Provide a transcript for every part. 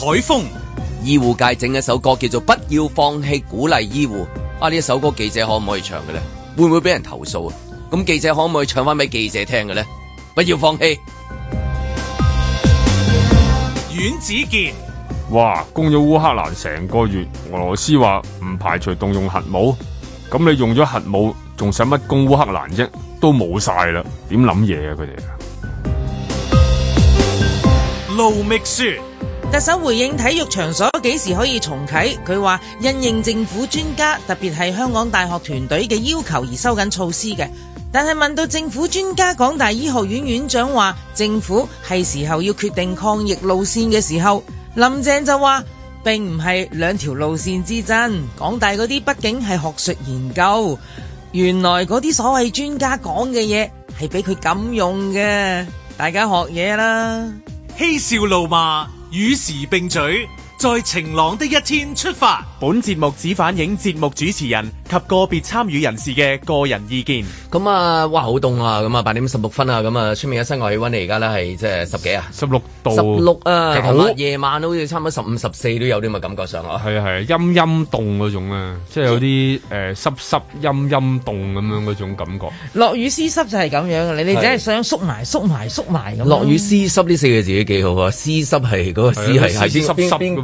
海風，醫護界整一首歌叫做《不要放棄》，鼓勵醫護。啊，呢一首歌記者可唔可以唱嘅咧？會唔會俾人投訴啊？咁記者可唔可以唱翻俾記者聽嘅咧？不要放棄。阮子健，哇，攻咗烏克蘭成個月，俄羅斯話唔排除動用核武。咁你用咗核武，仲使乜攻烏克蘭啫？都冇晒啦，點諗嘢啊？佢哋。盧覓雪。特首回應體育場所幾時可以重啟？佢話因應政府專家，特別係香港大學團隊嘅要求而收緊措施嘅。但係問到政府專家，港大醫學院院長話政府係時候要決定抗疫路線嘅時候，林鄭就話並唔係兩條路線之爭。港大嗰啲畢竟係學術研究，原來嗰啲所謂專家講嘅嘢係俾佢咁用嘅。大家學嘢啦，嬉笑怒罵。與時並嘴在晴朗的一天出發！本節目只反映節目主持人及個別參與人士嘅個人意見！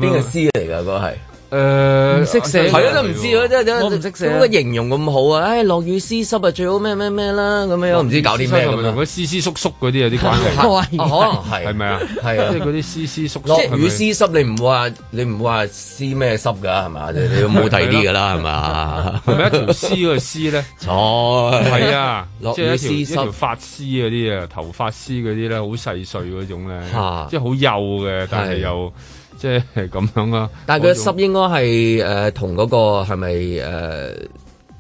邊個詩嚟噶？嗰個係誒，識寫，係、呃、咯，都唔知咯，唔識寫。點解形容咁好啊！誒、哎，落雨絲濕啊，最好咩咩咩啦，咁樣唔知道搞啲咩咯。同同嗰絲絲縮縮嗰啲有啲關係，可能係係咪啊？係、啊、即係嗰啲絲絲縮縮。落雨絲濕，你唔會話你唔會話絲咩濕噶係嘛？你冇睇啲噶啦係嘛？係咪一條絲嘅絲咧？錯 係、 嗯 嗯、 啊，落雨絲濕，髮絲嗰啲啊，頭髮絲嗰啲咧，好細碎嗰種咧，即係好幼嘅，但係又。是即係咁樣啦、啊，但係佢濕應該係誒，同、呃、嗰、那個係咪誒，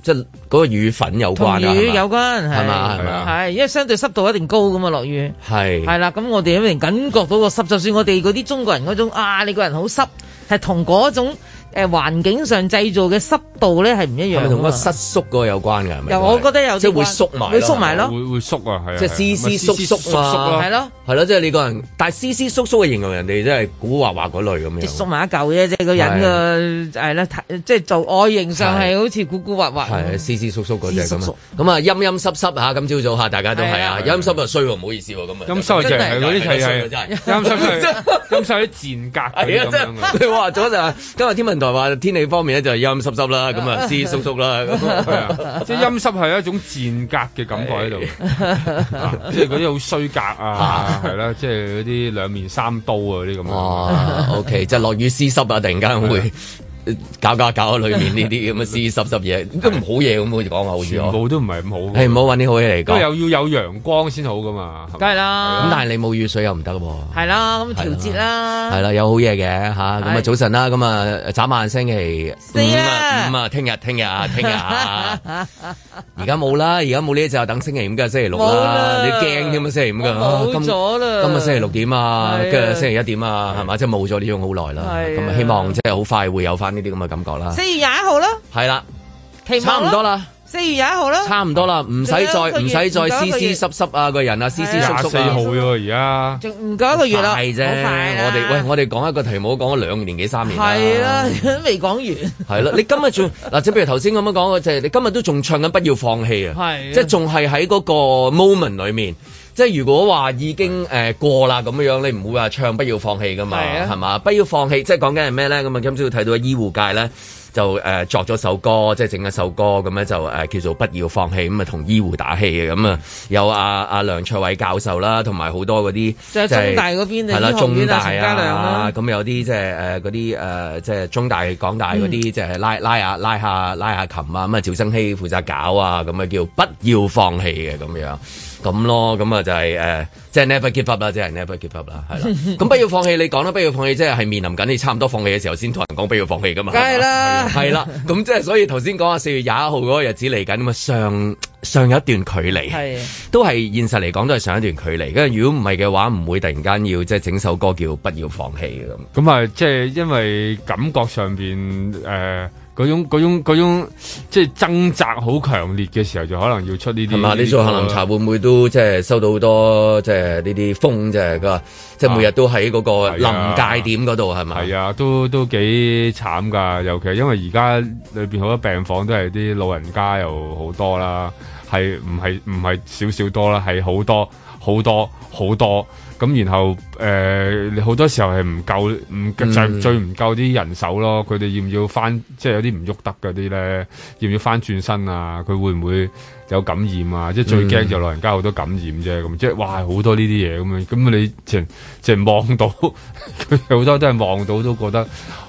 即係嗰個雨粉有關啊？同雨有關係嘛係嘛，係因為相對濕度一定高噶嘛，落雨係係啦。咁我哋可能感覺到個濕，就算我哋嗰啲中國人嗰種啊，你個人好濕，係同嗰種。誒環境上製造嘅濕度咧，係唔一樣，係咪同個失縮嗰個有關嘅？又我覺得有，即係會縮埋，會縮埋咯，會會縮啊，係即係絲絲縮縮啊，係咯，係咯、嗯，即係你個人，但係絲絲縮縮嘅形容人哋即係古惑惑嗰類咁樣，縮埋一嚿啫，即係個人嘅係啦，即係就外形上係好似古古惑惑係絲絲縮縮嗰隻咁啊，咁啊陰陰濕濕嚇，今朝早嚇大家都係啊，陰濕就衰喎，唔好意思喎，咁啊陰濕真係，嗰啲係係陰陰濕陰濕啲賤格係話咗就今日天文係天氣方面咧就陰濕濕啦，咁啊濕濕縮啦，咁啊即係陰濕係一種賤格嘅感覺喺度，即係嗰啲好衰格啊，係、啊、啦，即係嗰啲兩面三刀啊嗰啲咁啊。O K，即係落雨絲濕啊，突然間會。搞搞搞，裏面呢啲咁嘅濕濕濕嘢都唔好嘢，咁我哋講好似全部唔係唔好，係唔好揾啲好嘢嚟講。又要有陽光先好噶嘛，梗係啦。咁、啊啊、但係你冇雨水又唔得喎。係啦、啊，咁調節啦。係啦、啊啊，有好嘢嘅吓，咁啊早晨啦，咁啊斬晚星期五。五啊，咁啊，聽日聽日啊。聽日啊，而家冇啦，而家冇呢隻，就等星期五嘅星期六啦。你驚添啊？星期五嘅、啊、今日星期六點啊？今日、啊、星期一點啊？係咪？即係冇咗呢種好耐啦。咁啊，希望即係好快會有翻。呢啲咁嘅感覺啦，四月廿一號咯，係啦，差唔多啦，四月廿一號咯，差唔多啦，唔使再唔使再濕濕濕濕啊！個人啊，濕濕縮縮廿四號咯，而家仲唔夠一個月啦，係啫。我哋喂，我哋講一個題目，講咗兩年幾三年啦，係啦，都未講完，係啦。你今日仲嗱，即係譬如頭先咁樣講嘅，就係你今日都仲唱緊不要放棄啊，係，即係仲係喺嗰個 moment 裏面。即係如果話已經誒過啦咁樣，你唔會話唱不要放棄噶嘛，係嘛、啊？不要放棄，即係講緊係咩咧？咁啊，今朝睇到醫護界咧就誒、呃、作咗首歌，即係整一首歌咁咧就誒叫做不要放棄，咁啊同醫護打氣嘅咁啊，有啊，阿、啊、梁卓偉教授啦，同埋好多嗰啲即係中大嗰邊嘅醫學院啊，陳家亮啦，咁有啲即係誒嗰啲誒即係中大港、啊啊啊就是呃呃就是、大嗰啲即係拉、嗯、拉下拉下拉下琴啊，咁啊趙增熹負責搞啊，咁啊叫不要放棄嘅咁樣，樣。咁咯，咁啊就係、是、誒，即、uh, 係 never give up 啦，即、就、係、是、never give up 啦，係啦。咁不要放棄，你講啦，不要放棄，即係係面臨緊你差唔多放棄嘅時候，先同人講不要放棄噶嘛。梗係啦,啦，係 啦。咁即係所以頭先講啊，四月廿一號嗰個日子嚟緊咁啊，上上一,上一段距離，係都係現實嚟講都係上一段距離。跟住如果唔係嘅話，唔會突然間要即係整首歌叫不要放棄咁。咁啊，即係因為感覺上邊誒。呃嗰種嗰種嗰種即係掙扎好強烈嘅時候，就可能要出呢啲。係嘛？你做杏林茶會唔會都即係收到好多即係呢啲風啫？個即係每日都喺嗰個臨界點嗰度係咪？係啊，啊，都都幾慘㗎！尤其係因為而家裏面好多病房都係啲老人家又好多啦，係唔係唔係少少多啦？係好多好多好多。是。咁然後誒，你、呃、好多時候係唔夠唔、嗯、就係、最唔夠啲人手咯。佢哋要唔要翻，即、就、係、係、有啲唔喐得嗰啲咧？要唔要翻轉身啊？佢會唔會有感染啊？嗯、即係最驚就老人家好多感染啫。咁即係哇，好多呢啲嘢咁樣。咁你淨係望到，佢好多都係望到都覺得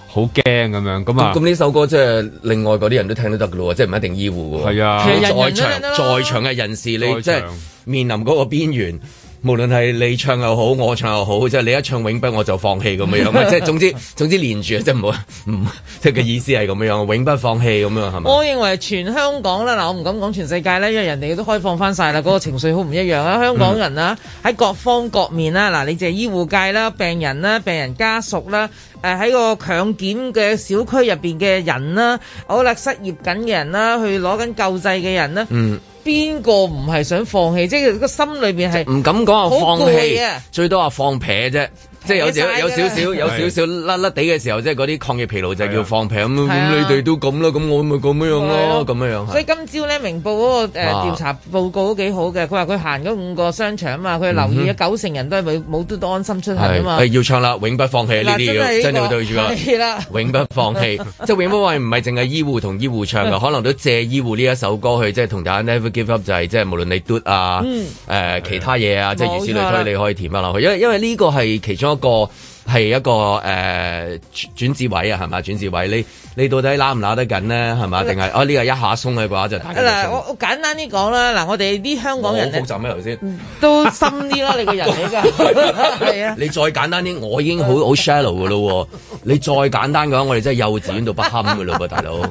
好驚咁樣。咁啊，咁呢首歌即係另外嗰啲人都聽得得嘅咯。即係唔一定醫護喎。係啊，啊，在場人人在場嘅人士，你即係、就係、面臨嗰個邊緣。無論係你唱又好，我唱又好，即 係你一唱永不，我就放棄咁樣， 即係總之總之連住，即係唔好唔即係個意思係咁樣，永不放棄咁樣係咪？我認為全香港啦，嗱，我唔敢講全世界啦，因為人哋都開放翻晒啦，嗰 個情緒好唔一樣啦。香港人啦，喺各方各面啦，嗱， 你即係醫護界啦、病人啦、病人家屬啦，誒，喺個強檢嘅小區入邊嘅人啦，好啦，失業緊嘅人啦，去攞緊救濟嘅人啦， 嗯。邊個唔係想放棄？即係個心裏邊係唔敢講話放棄啊，最多話放撇啫。即係有時有少少，少有少少甩甩地嘅時候，即係嗰啲抗疫疲勞就叫放平咁、嗯。你哋都咁啦，咁我咪咁樣咯、啊，咁樣樣。所以今朝咧，《明報》嗰個誒調查報告都幾好嘅。佢話佢行咗五個商場啊嘛，佢留意咗九成人都係冇冇都安心出行啊嘛。係要唱啦，永不放棄呢啲咁，真係要對住啊！永不放棄，即係 永不為唔係淨係醫護同醫護唱嘅， 可能都借醫護呢一首歌去即係同大家 Never Give Up，就係即係無論你嘟 o 啊誒、嗯呃、其他嘢啊，嗯、即係如此類推，你可以填翻落去。因為因為呢個係其中個。係一個誒轉轉接位啊，係嘛，轉接位，你你到底拉唔拉得緊咧，係嘛？定係哦？呢個、啊、一下鬆嘅話就打緊。嗱，我我簡單啲講啦，嗱，我哋啲香港人好複雜咩？頭先？都深啲囉， 你個人嚟噶係啊。你再簡單啲，我已經好好 shallow 噶咯喎。 你再簡單嘅話，我哋真係幼稚園到不堪㗎咯喎，大佬。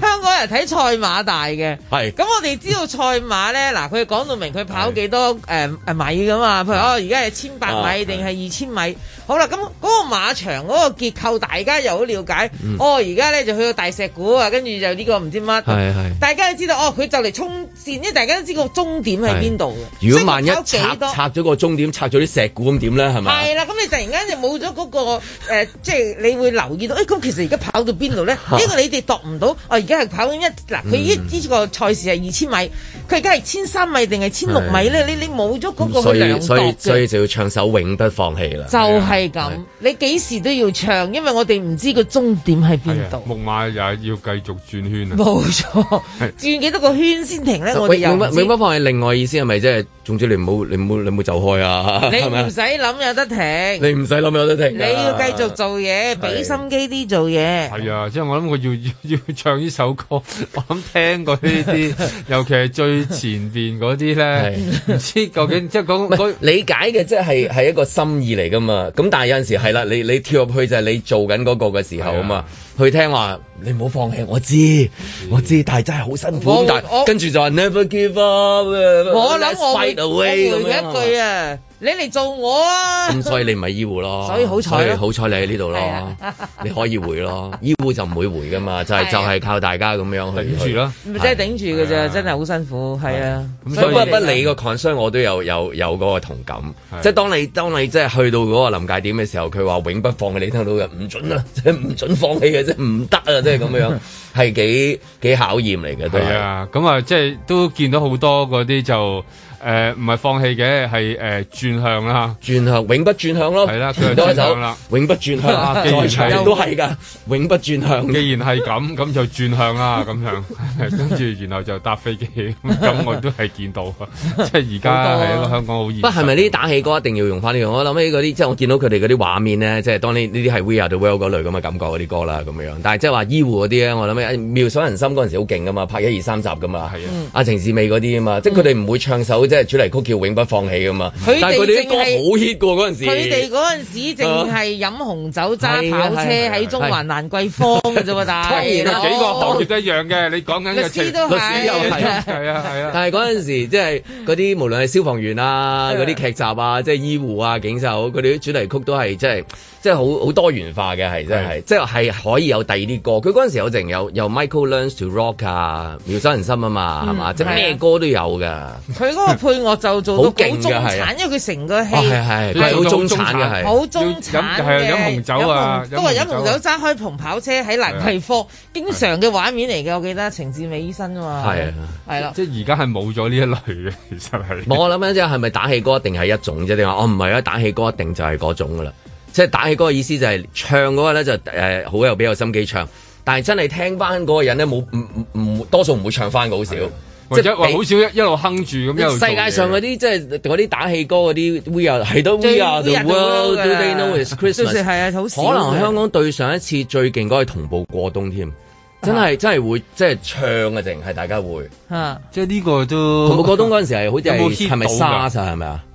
香港人睇賽馬大嘅。係，咁我哋知道賽馬咧，嗱，佢講到明佢跑幾多誒誒米噶嘛？譬如哦，而家係千八百米定係二千米。啊好啦，咁嗰個馬場嗰、嗰個結構大家又好了解。嗯、哦，而家咧就去到大石鼓啊，跟住就呢個唔知乜。係係。大家，哦、大家都知道，哦，佢就嚟衝線，因為大家都知道終點喺邊度嘅。如果萬一拆拆咗個終點，拆咗啲石鼓咁點咧？係咪？係啦，咁、嗯、你突然間就冇咗嗰個即係、呃就是、你會留意到，誒、哎、咁其實而家跑到邊度咧？呢、啊呢個你哋度唔到。哦，而家係跑緊一嗱，佢呢依個賽事係二千米，佢而家係千三米定係千六米咧？你你冇咗嗰個所以，所以，所以就要唱首永不放棄啦。就係、是。係咁，你幾時都要唱，因為我哋唔知個終點喺邊度。木馬又係要繼續轉圈啊！冇錯，轉幾多個圈先停咧？我哋永不放係另外意思，係咪即係？就是總之你唔好你唔好你唔好走開啊！你唔使諗有得停，你唔使諗有得停，啊，你要繼續做嘢，俾心機啲做嘢。係啊，即係我諗我要要要唱呢首歌，我諗聽過呢啲， 尤其係最前邊嗰啲咧，唔知究竟即係講理解嘅，就是，即係係一個心意嚟噶嘛？咁但係有陣時係啦，你你跳入去就係你做緊嗰個嘅時候啊嘛，去聽話。你唔好放棄，我知道，我知道，嗯，我知道，但係真係好辛苦，我我但跟住就係 never give up 啊！我諗我會回你一句啊！你嚟做我、啊，咁所以你唔係醫護咯， 咯，所以好彩，所以好彩你喺呢度咯， 你，咯啊、 你可以回咯，醫護就唔會回噶嘛，啊、就係就係靠大家咁樣去頂住咯，咪即係頂住噶啫真係好辛苦，係啊，啊所，所不不理個 concern，我都有有有嗰個同感，啊、即係當你當你即係去到嗰個臨界點嘅時候，佢話永不放棄，你聽到嘅唔准啊，即係唔准放棄嘅、 啊，即係唔得啊，即係咁樣，係幾幾考驗嚟嘅，都係，係啊，咁啊，即係都見到好多嗰啲就。誒唔係放棄嘅，係誒、呃、轉向啦，轉向，永不轉向咯，係啦，再唱啦，永不轉向，啊、 再唱都係噶，永不轉向。既然係咁，咁 就轉向啦，咁樣，跟住然後就搭飛機，咁 我都係見到，即係而家係一個香港好熱。是不係咪呢啲打氣歌一定要用翻呢樣？ 我諗起嗰啲，即係我見到佢哋嗰啲畫面咧，即係當呢呢啲係 We Are The World 嗰類咁嘅感覺嗰啲歌啦，咁樣。但係即係話醫護嗰啲咧，我諗起《妙手仁心》嗰陣時好勁噶嘛，拍一二三集噶嘛，阿情是、啊、程志美嗰啲啊嘛，嗯、即係佢哋唔會唱首、嗯即係主題曲叫《永不放棄》噶嘛，但係佢哋啲歌好 hit 噶嗰陣時，佢哋嗰陣時淨係飲紅酒揸跑車喺中環蘭桂坊嘅啫喎，但係幾個行業都一樣嘅，你講緊一次都係，係啊係啊。但係嗰陣時即係嗰啲無論係消防員啊、嗰啲劇集啊、即係醫護啊、警察，佢哋啲主題曲都係即係。就是即係好好多元化嘅，係真係，即係係可以有第二啲歌。佢嗰陣時候有成有有 Michael Learns to Rock 啊，妙手人心啊嘛，係、嗯、嘛，即係咩歌都有噶。佢嗰個配樂就做到幾 中產，的因為佢成個戲係係係好中產嘅，好中產嘅，啊。飲紅酒啊，都話飲紅酒揸開篷跑車喺蘭桂坊，經常嘅畫面嚟嘅。我記得程志美醫生啊嘛，係係啦。即係而家係冇咗呢一類嘅，其實係。冇我諗緊即係係咪打氣歌一定係一種啫？定話哦唔係啊，打氣歌一定就係嗰種噶啦。即係打氣歌嘅意思就係唱嗰個咧就、呃、好有比較心機唱，但係真係聽翻嗰個人咧冇唔唔多數唔會唱翻好少，或者話好少一路哼住咁。世界上嗰啲即係嗰啲打氣歌嗰啲 We Are 都 We Are the World, the world Do They Know It's Christmas，係、就係、啊，好少。可能香港對上一次最勁嗰個同步過冬添，真係 真係會即係唱嘅，定係大家會啊？即係呢個都同步過冬嗰陣時好似係係咪沙曬係咪啊？有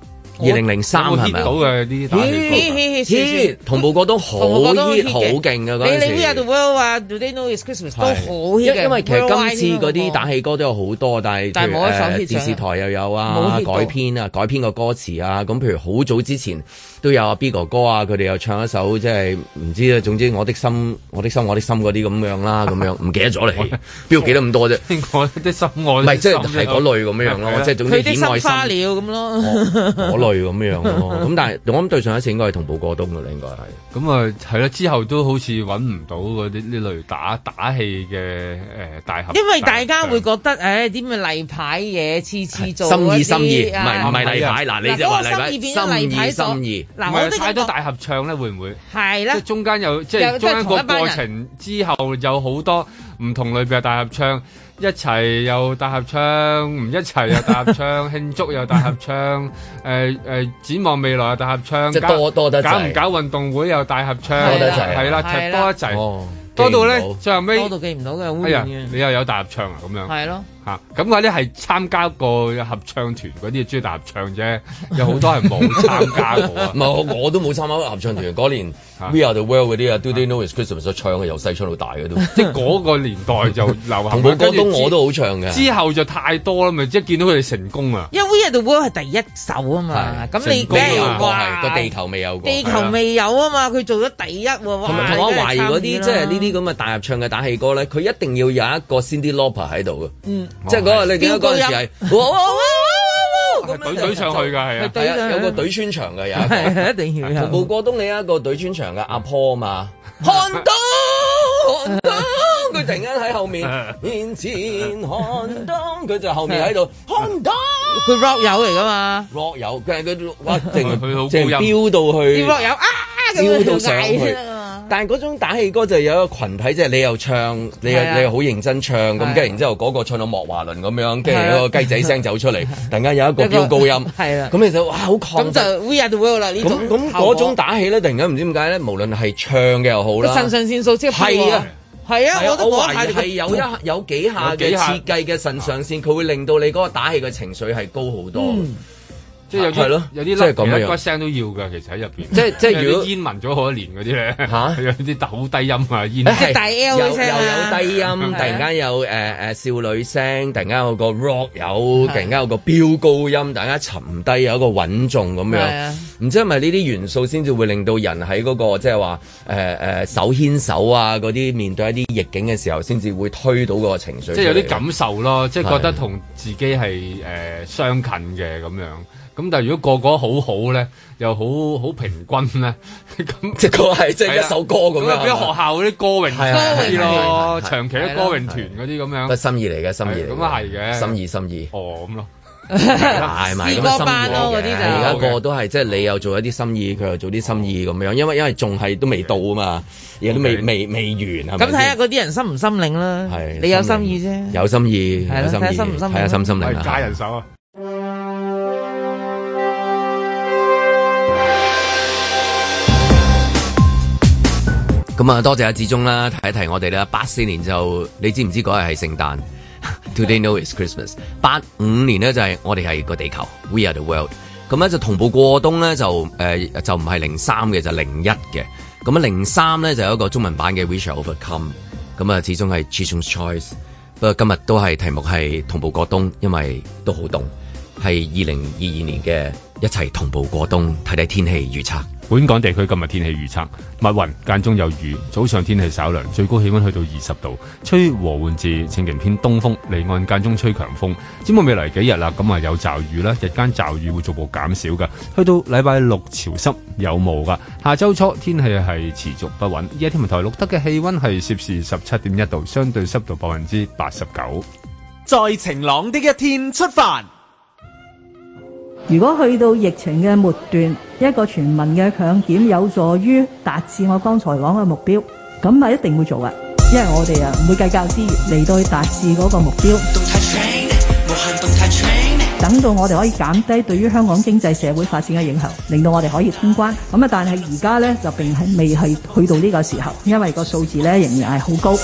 二零零三係咪啊？我聽到嘅啲打氣歌同《布歌》都好，好勁嘅你你 We Are The World 啊，Do They Know It's Christmas 都好 hit 嘅。因為其實今次嗰啲打氣歌都有好多，但係誒、呃、電視台又有啊改編啊改編個歌詞啊，咁譬如好早之前。都有阿 B 哥哥啊，佢哋又唱一首即係唔知啊。總之我的心，我的心，我的心嗰啲咁樣啦，咁樣唔記得咗你，邊度記得咁多啫。我的心愛，唔係，即係係嗰類咁樣樣咯。即係總之點愛心了咁咯，嗰 類咁樣樣咁，但係我諗對上一次應該係同步過冬噶啦，應該係。咁啊係啦，之後都好似搵唔到嗰啲呢類打打戲嘅誒大俠。因為大家會覺得誒點啊，例牌嘢，次次做。心意心意，唔係唔係例牌嗱，你就話例牌心意心意唔係太多大合唱咧，會唔會？係啦，即係中間有即係中間個過程之後有好多唔同類別嘅大合唱，一齊又大合唱，唔一齊又大合唱，慶祝又大合唱，誒誒展望未來又大合唱，即係多多得滯。搞唔搞運動會又大合唱，多得滯，係啦，踢波一齊，多到咧最後尾多到記唔到嘅。哎呀，你又有大合唱啊？咁樣係咯。吓，咁我咧係參加過合唱團嗰啲中意大合唱啫，有好多人冇參加過啊！唔 我，我都冇參加合、合唱團嗰 年、啊、We Are The World 嗰啲啊，Do They Know It's Christmas 唱係由細唱到大嘅都， 即係嗰個年代就流行。冇廣東我都好唱嘅。之後就太多啦，咪即係見到佢哋成功啊！因為 We Are The World 係第一首啊嘛，咁你咩有個、啊、地球未有過？地球未有啊嘛，佢、啊、做咗第一喎。同埋我懷疑嗰啲即係呢啲咁嘅大合唱嘅打氣歌咧，佢一定要有一個 Cyndi Lauper 喺度嘅。嗯哦、即係嗰日你記得嗰陣時係，隊隊 上去嘅係啊，係啊，有個隊穿牆嘅人，係一,一,一定要有。徒步過東你一個隊穿牆嘅阿坡啊嘛，寒冬，寒冬，佢突然間喺後面， 面前寒冬，佢 就後面喺度，寒 冬， 佢 rock 友嚟噶嘛，rock 友，佢係佢哇，直直飆到去，rock 友啊，飆到，到上去。 但係嗰種打氣歌就有一個群體，即、就、係、係、你又唱，你又你又好認真唱，咁跟住然之後嗰個唱到莫華倫咁樣，跟住嗰個雞仔聲走出嚟、啊啊啊啊，突然間有一個飆高音，係啦，咁你就哇好狂，咁就 We Are the World 啦。呢咁種打氣咧，突然間唔知點解咧，無論係唱嘅又好啦，腎上腺素先係啊，係啊，啊，啊，啊，我覺得係係有一、啊、有幾下嘅設計嘅腎上腺，佢、啊、會令到你嗰個打氣嘅情緒係高好多。嗯即係有啲係有啲骨聲都要㗎。其實喺入邊，即係即係如果煙聞咗好多年嗰啲咧，吓 有啲好低音啊，煙即係大 L 嘅有低音，突然間有誒、呃、少女聲，突然間有個 rock，有突然間有個飆高音，突然間沉低有一個穩重咁樣。唔知係咪呢啲元素先至會令到人喺嗰、嗰個即係話誒手牽手啊嗰啲面對一啲逆境嘅時候，先至會推到個情緒，即係有啲感受咯，即係覺得同自己係誒、呃、相近嘅咁樣。咁但係如果個個好好咧，又好好平均咧，咁即係個係即係一首歌咁樣。咁啊，俾學校嗰啲歌詠，係啊，嗰啲、啊啊啊啊、長期歌詠、啊啊啊、團嗰啲咁樣。心意嚟嘅、這個、心意咁係嘅心意心意。哦，咁咯，係咪、啊？咁心啲嘅，而家個個都係、啊就是 OK. 即係你又做一啲心意，佢、啊、又做啲心意咁樣、啊，因為因為仲係都未到啊嘛，yeah. 而家都、OK. 未未未完咁睇下嗰啲人心唔心領啦。你有心意啫。有心意，係睇心唔心領？睇下心唔心領人手啊！咁啊，多謝阿志忠啦，提一提我哋啦。八四年就，你知唔知嗰日係聖誕？Do they know it's Christmas？八五年呢，就係我哋係個地球，We are the world。咁咧就同步過冬呢，就誒、呃、就唔係零三嘅，就零一嘅。咁啊零三呢，就有一個中文版嘅 We shall overcome。咁啊始終係 chosen choice。不過今日都係題目係同步過冬，因為都好凍。係二零二二年嘅一齊同步過冬，睇睇天氣預測。本港地區今日天氣預測：密雲間中有雨，早上天氣稍涼，最高氣溫去到二十度，吹和緩至清勁偏東風，離岸間中吹強風。展望未來幾日啦、啊，咁啊有驟雨啦，日間驟雨會逐步減少噶，去到禮拜六潮濕有霧噶，下週初天氣係持續不穩。而家天文台錄得嘅氣溫係攝氏十七點一度，相對濕度百分之八十九。在晴朗的一天出發。如果去到疫情嘅末段，一個全民嘅強檢有助於達至我剛才講嘅目標，咁啊一定會做嘅，因為我哋啊唔會計較資源嚟到去達至嗰個目標。I train, I 等到我哋可以減低對於香港經濟社會發展嘅影響，令到我哋可以通關，咁啊但係而家咧就並係未去到呢個時候，因為個數字咧仍然係好高。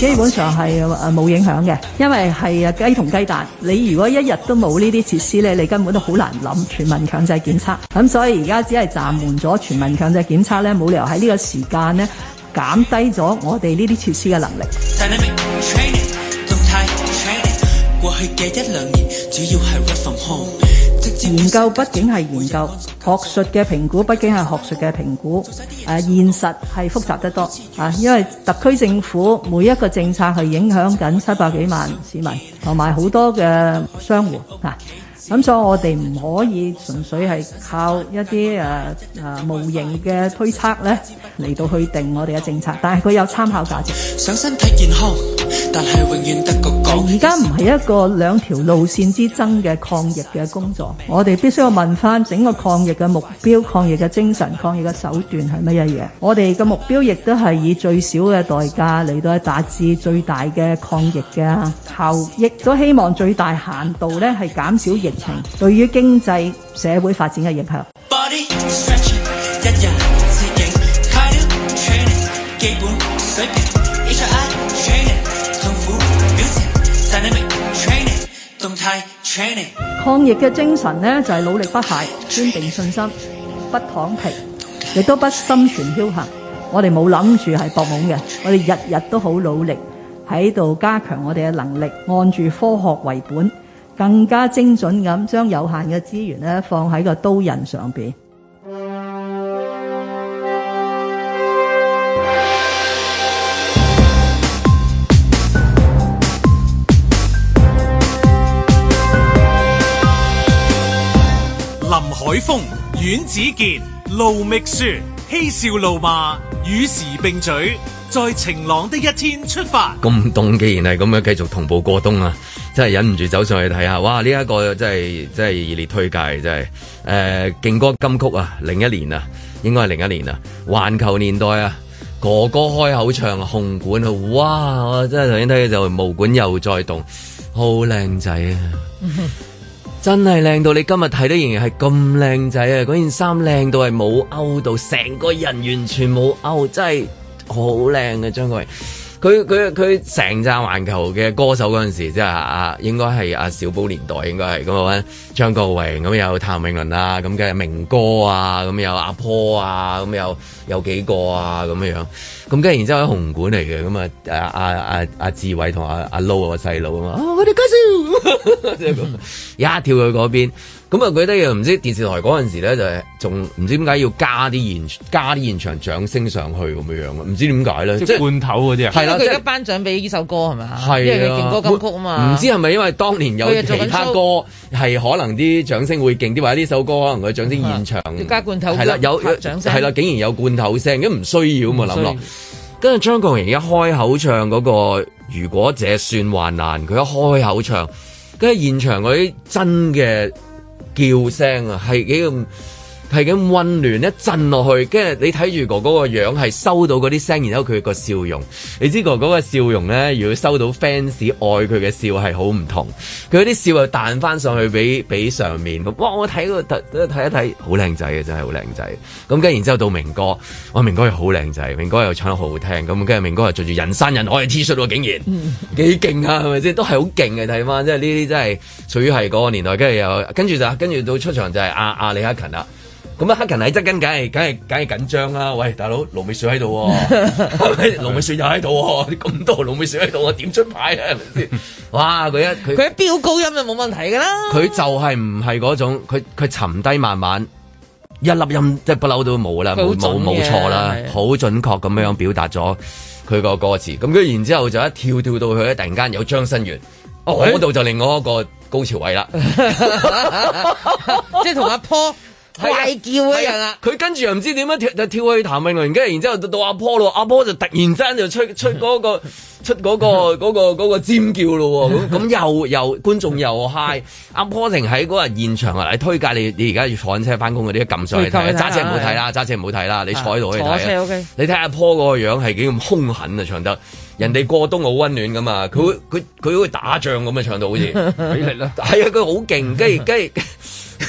基本上係誒冇影響嘅，因為係啊雞同雞蛋，你如果一日都冇呢啲設施咧，你根本都好難諗全民強制檢測，咁所以而家只係暫緩咗全民強制檢測咧，冇理由喺呢個時間咧減低咗我哋呢啲設施嘅能力。研究畢竟係研究，學術嘅評估畢竟係學術嘅評估，誒、啊，現實係複雜得多啊，因為特區政府每一個政策係影響緊七百幾萬市民同埋好多嘅商戶吓。啊咁所以，我哋唔可以純粹係靠一啲呃誒無形嘅推測咧嚟到去定我哋嘅政策，但係佢有參考價值。想身體健康，但係永遠得個講。而家唔係一個兩條路線之爭嘅抗疫嘅工作，我哋必須要問翻整個抗疫嘅目標、抗疫嘅精神、抗疫嘅手段係乜嘢？我哋嘅目標亦都係以最少嘅代價嚟到去達至最大嘅抗疫嘅效益，都希望最大限度咧係減少疫。對於經濟社會發展嘅影響。抗疫嘅精神呢就係、是、努力不懈、堅定信心、不躺平，亦都不心存僥幸。我哋冇諗住係搏懵嘅，我哋日日都好努力喺度加強我哋嘅能力，按住科學為本。更加精準咁將有限嘅資源呢放喺個刀刃上邊。林海峰、阮子健、盧覓雪、嬉笑怒罵、與時並舉、在晴朗的一天出發。咁凍，既然係咁樣，繼續同步過冬啊！真係忍唔住走上去睇下，哇！呢、這、一個真係真係熱烈推介，真係誒、呃、勁歌金曲啊，零一年啊，應該係零一年啊，環球年代啊，哥哥開口唱、啊、紅館啊，哇！我真係頭先睇嘅就是、毛管又再動，好靚仔啊， 真係靚到你今日睇都仍然係咁靚仔啊！嗰件衫靚到係冇勾到，成個人完全冇勾，真係好靚啊，張國榮。佢佢佢成紮環球嘅歌手嗰陣時，即係啊應該係阿小寶年代應該，應該係咁啊，張國榮咁有譚詠麟啊，咁梗係明哥啊，咁有阿婆啊，咁有有幾個、個啊，咁樣樣，咁跟住然之後喺紅館嚟嘅，咁啊啊啊啊志偉同阿阿 Low 個細佬啊嘛，我哋介紹，即係咁一跳去嗰邊。咁啊！佢得又唔知電視台嗰陣時咧，就係仲唔知點解要加啲現加啲現場掌聲上去咁、就係、樣樣啊？唔知點解咧，即罐頭嗰啲啊！即佢而家頒獎俾呢首歌係咪啊？係啊，勁歌金曲啊嘛！唔知係咪因為當年有其他歌係可能啲掌聲會勁啲，或者呢首歌可能佢掌聲現場、啊、要加罐頭，係啦、啊、有，有掌聲，係啦、啊，竟然有罐頭聲，咁唔需要咁啊！諗落，跟住張國榮一開口唱嗰、嗰個如果這算患難，佢一開口唱，跟住現場嗰啲真嘅。叫聲啊，係幾咁。係咁混亂一震落去，跟住你睇住哥哥個樣，係收到嗰啲聲，然後佢個笑容。你知哥哥個笑容咧，如果收到 fans 愛佢嘅笑係好唔同。佢啲笑容又彈翻上去俾俾上面。哇！我睇個睇一睇，好靚仔嘅，真係好靚仔。咁跟住然之後到明哥，我明哥又好靚仔，明哥又唱得好好聽。咁跟住明哥係着住人山人海嘅 T 恤喎、啊，竟然幾勁啊！係咪先？都係好勁嘅，睇翻，即係呢啲真係屬於係嗰個年代。跟住又跟住就跟住到出場就係阿阿李克勤啦。咁啊，克勤喺側跟，梗係梗係梗係緊張啦、啊！喂，大佬，盧美雪喺度喎，盧 美雪又喺度喎，咁多盧美雪喺度我點出牌啊？唔 哇！佢一佢佢一飆高音就冇問題噶啦。佢就係唔係嗰種，佢佢沉低慢慢一粒音即係不嬲都冇啦，冇冇冇錯啦，好準確咁樣表達咗佢個歌詞。咁跟然之後，後就一跳跳到去咧，突然間有張新源，嗰、哦、度就另外一個高潮位啦， 即係同阿波。快、啊、叫一樣啊！佢、啊啊啊、跟住又唔知點樣跳就跳去譚詠麟，跟住然之後到阿坡咯，阿坡就突然間就出出嗰、那個出嗰、那個嗰、 那個那個那個、尖叫咯咁咁又又觀眾又嗨！ 阿坡停喺嗰個現場啊！你推介你你而家要坐緊車翻工嗰啲撳上去睇，揸車唔好睇啦，揸、啊、車唔好睇啦，啊啦啊，你坐喺度可以睇、啊。O、okay? K 你睇阿坡嗰個樣係幾咁兇狠啊唱得，人哋過冬好溫暖噶嘛，佢、嗯、會佢佢會打仗咁 啊唱到好似，係啊佢好勁，跟住跟住。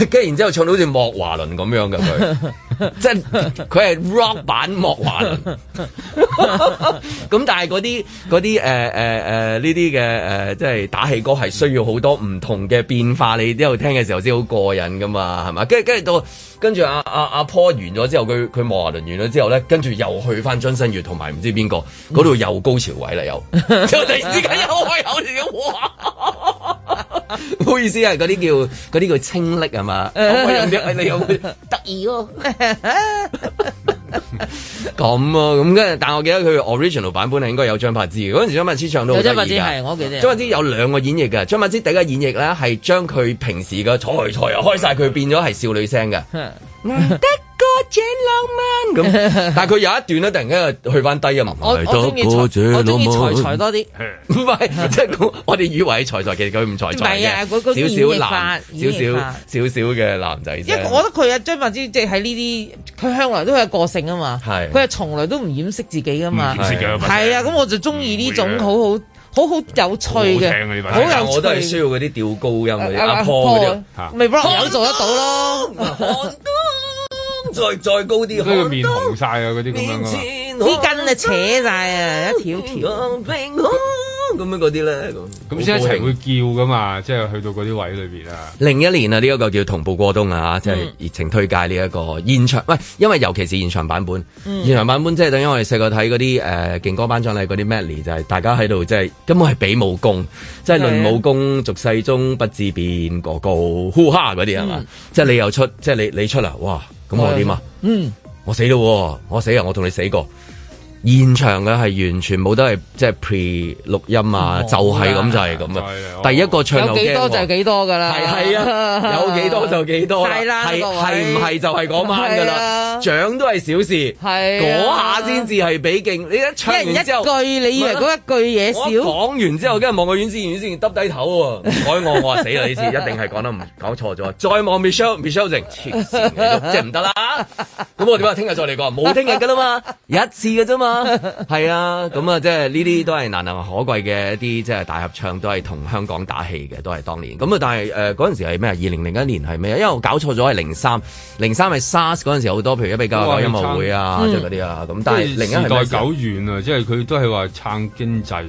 跟 然之後唱到好似莫華倫咁樣嘅佢。他 即係佢係 rock 版莫華倫， 咁但係嗰啲啲誒誒誒呢啲嘅誒，即係打氣歌係需要好多唔同嘅變化，你一路聽嘅時候先好過癮噶嘛，係嘛？跟住跟住到跟住阿阿阿坡完咗之後，佢佢莫華倫完咗之後咧，跟住又去翻張新月同埋唔知邊個嗰度又高潮位啦，又又突然之間又開口嚟，哇！ 唔好意思啊，嗰啲叫嗰啲叫清瀝係嘛？得意喎、哦！咁 啊，咁跟住，但我記得佢 original 版本係應該有張柏芝嘅。嗰陣時張柏芝唱到係嘅。張柏芝係，我記得。張柏芝有兩個演繹嘅。張柏芝第一個演繹咧係將佢平時嘅去菜啊開曬，佢變咗係少女聲嘅。 嗯 gentleman 咁， 但係佢有一段咧，突然間去翻低啊嘛。我我中意財，我中意財財多啲。唔 係 不是，即 係我哋以為財財，其實佢唔財財嘅。少少男，少少少少嘅男仔。因為我覺得佢阿張柏芝即係喺呢啲，佢向來都係個性啊嘛。佢係從來都唔掩飾自己噶嘛。掩飾嘅係啊。咁我就中意呢種好好好好有趣嘅，好有趣。是我都係需要嗰啲吊高音嗰啲阿婆嗰有做得到咯。啊啊再再高啲，所以佢面紅晒啊，嗰啲咁樣，啲根啊扯晒啊，一條條。嗯咁樣嗰啲咧，咁即係一齊會叫噶嘛，即係去到嗰啲位裏邊啊。零一年啊，呢一個叫同步過冬啊，即係熱情推介呢一個現場。喂，因為尤其是現場版本，嗯、現場版本即係等於我哋細個睇嗰啲誒勁歌頒獎禮嗰啲 Medley 就係大家喺度即係根本係比武功，即係論武功，俗世中不知邊個高呼哈嗰啲係嘛？即係你又出，即係你你出嚟，哇！咁我點啊？嗯，我死咯啊，我死啊！我同你死過。現場嘅係完全冇得係即係 pre 錄音啊，哦、就係、是、咁就係咁啊！第一個唱有幾多就係幾多噶啦，係 啊，有幾多就幾多啦，係係唔係就係嗰晚噶啦，獎、 啊、都係小事，係 嗰、啊、下先至係比勁。你一唱完之後， 一句你以為嗰一句嘢少，講完之後，跟住望個演事員，演事耷低頭喎，我我我啊死啦！呢 次一定係講得唔講錯咗啊！再望 Michelle，Michelleing， 即係唔得啦！咁 我點啊？聽日再嚟講，冇聽日噶啦嘛， 一次噶啫嘛。係 啊，咁啊，即係呢啲都係難能可貴嘅一啲，即係大合唱都係同香港打氣嘅，都係當年。咁啊，但係誒嗰陣時係咩？二零零一年係咩？因為我搞錯咗係零三，零三係 SARS 嗰陣時好多，譬如一比較音樂會啊，嗰啲啊。咁、就是、但係零一年，代久遠啊，即係佢都係話撐經濟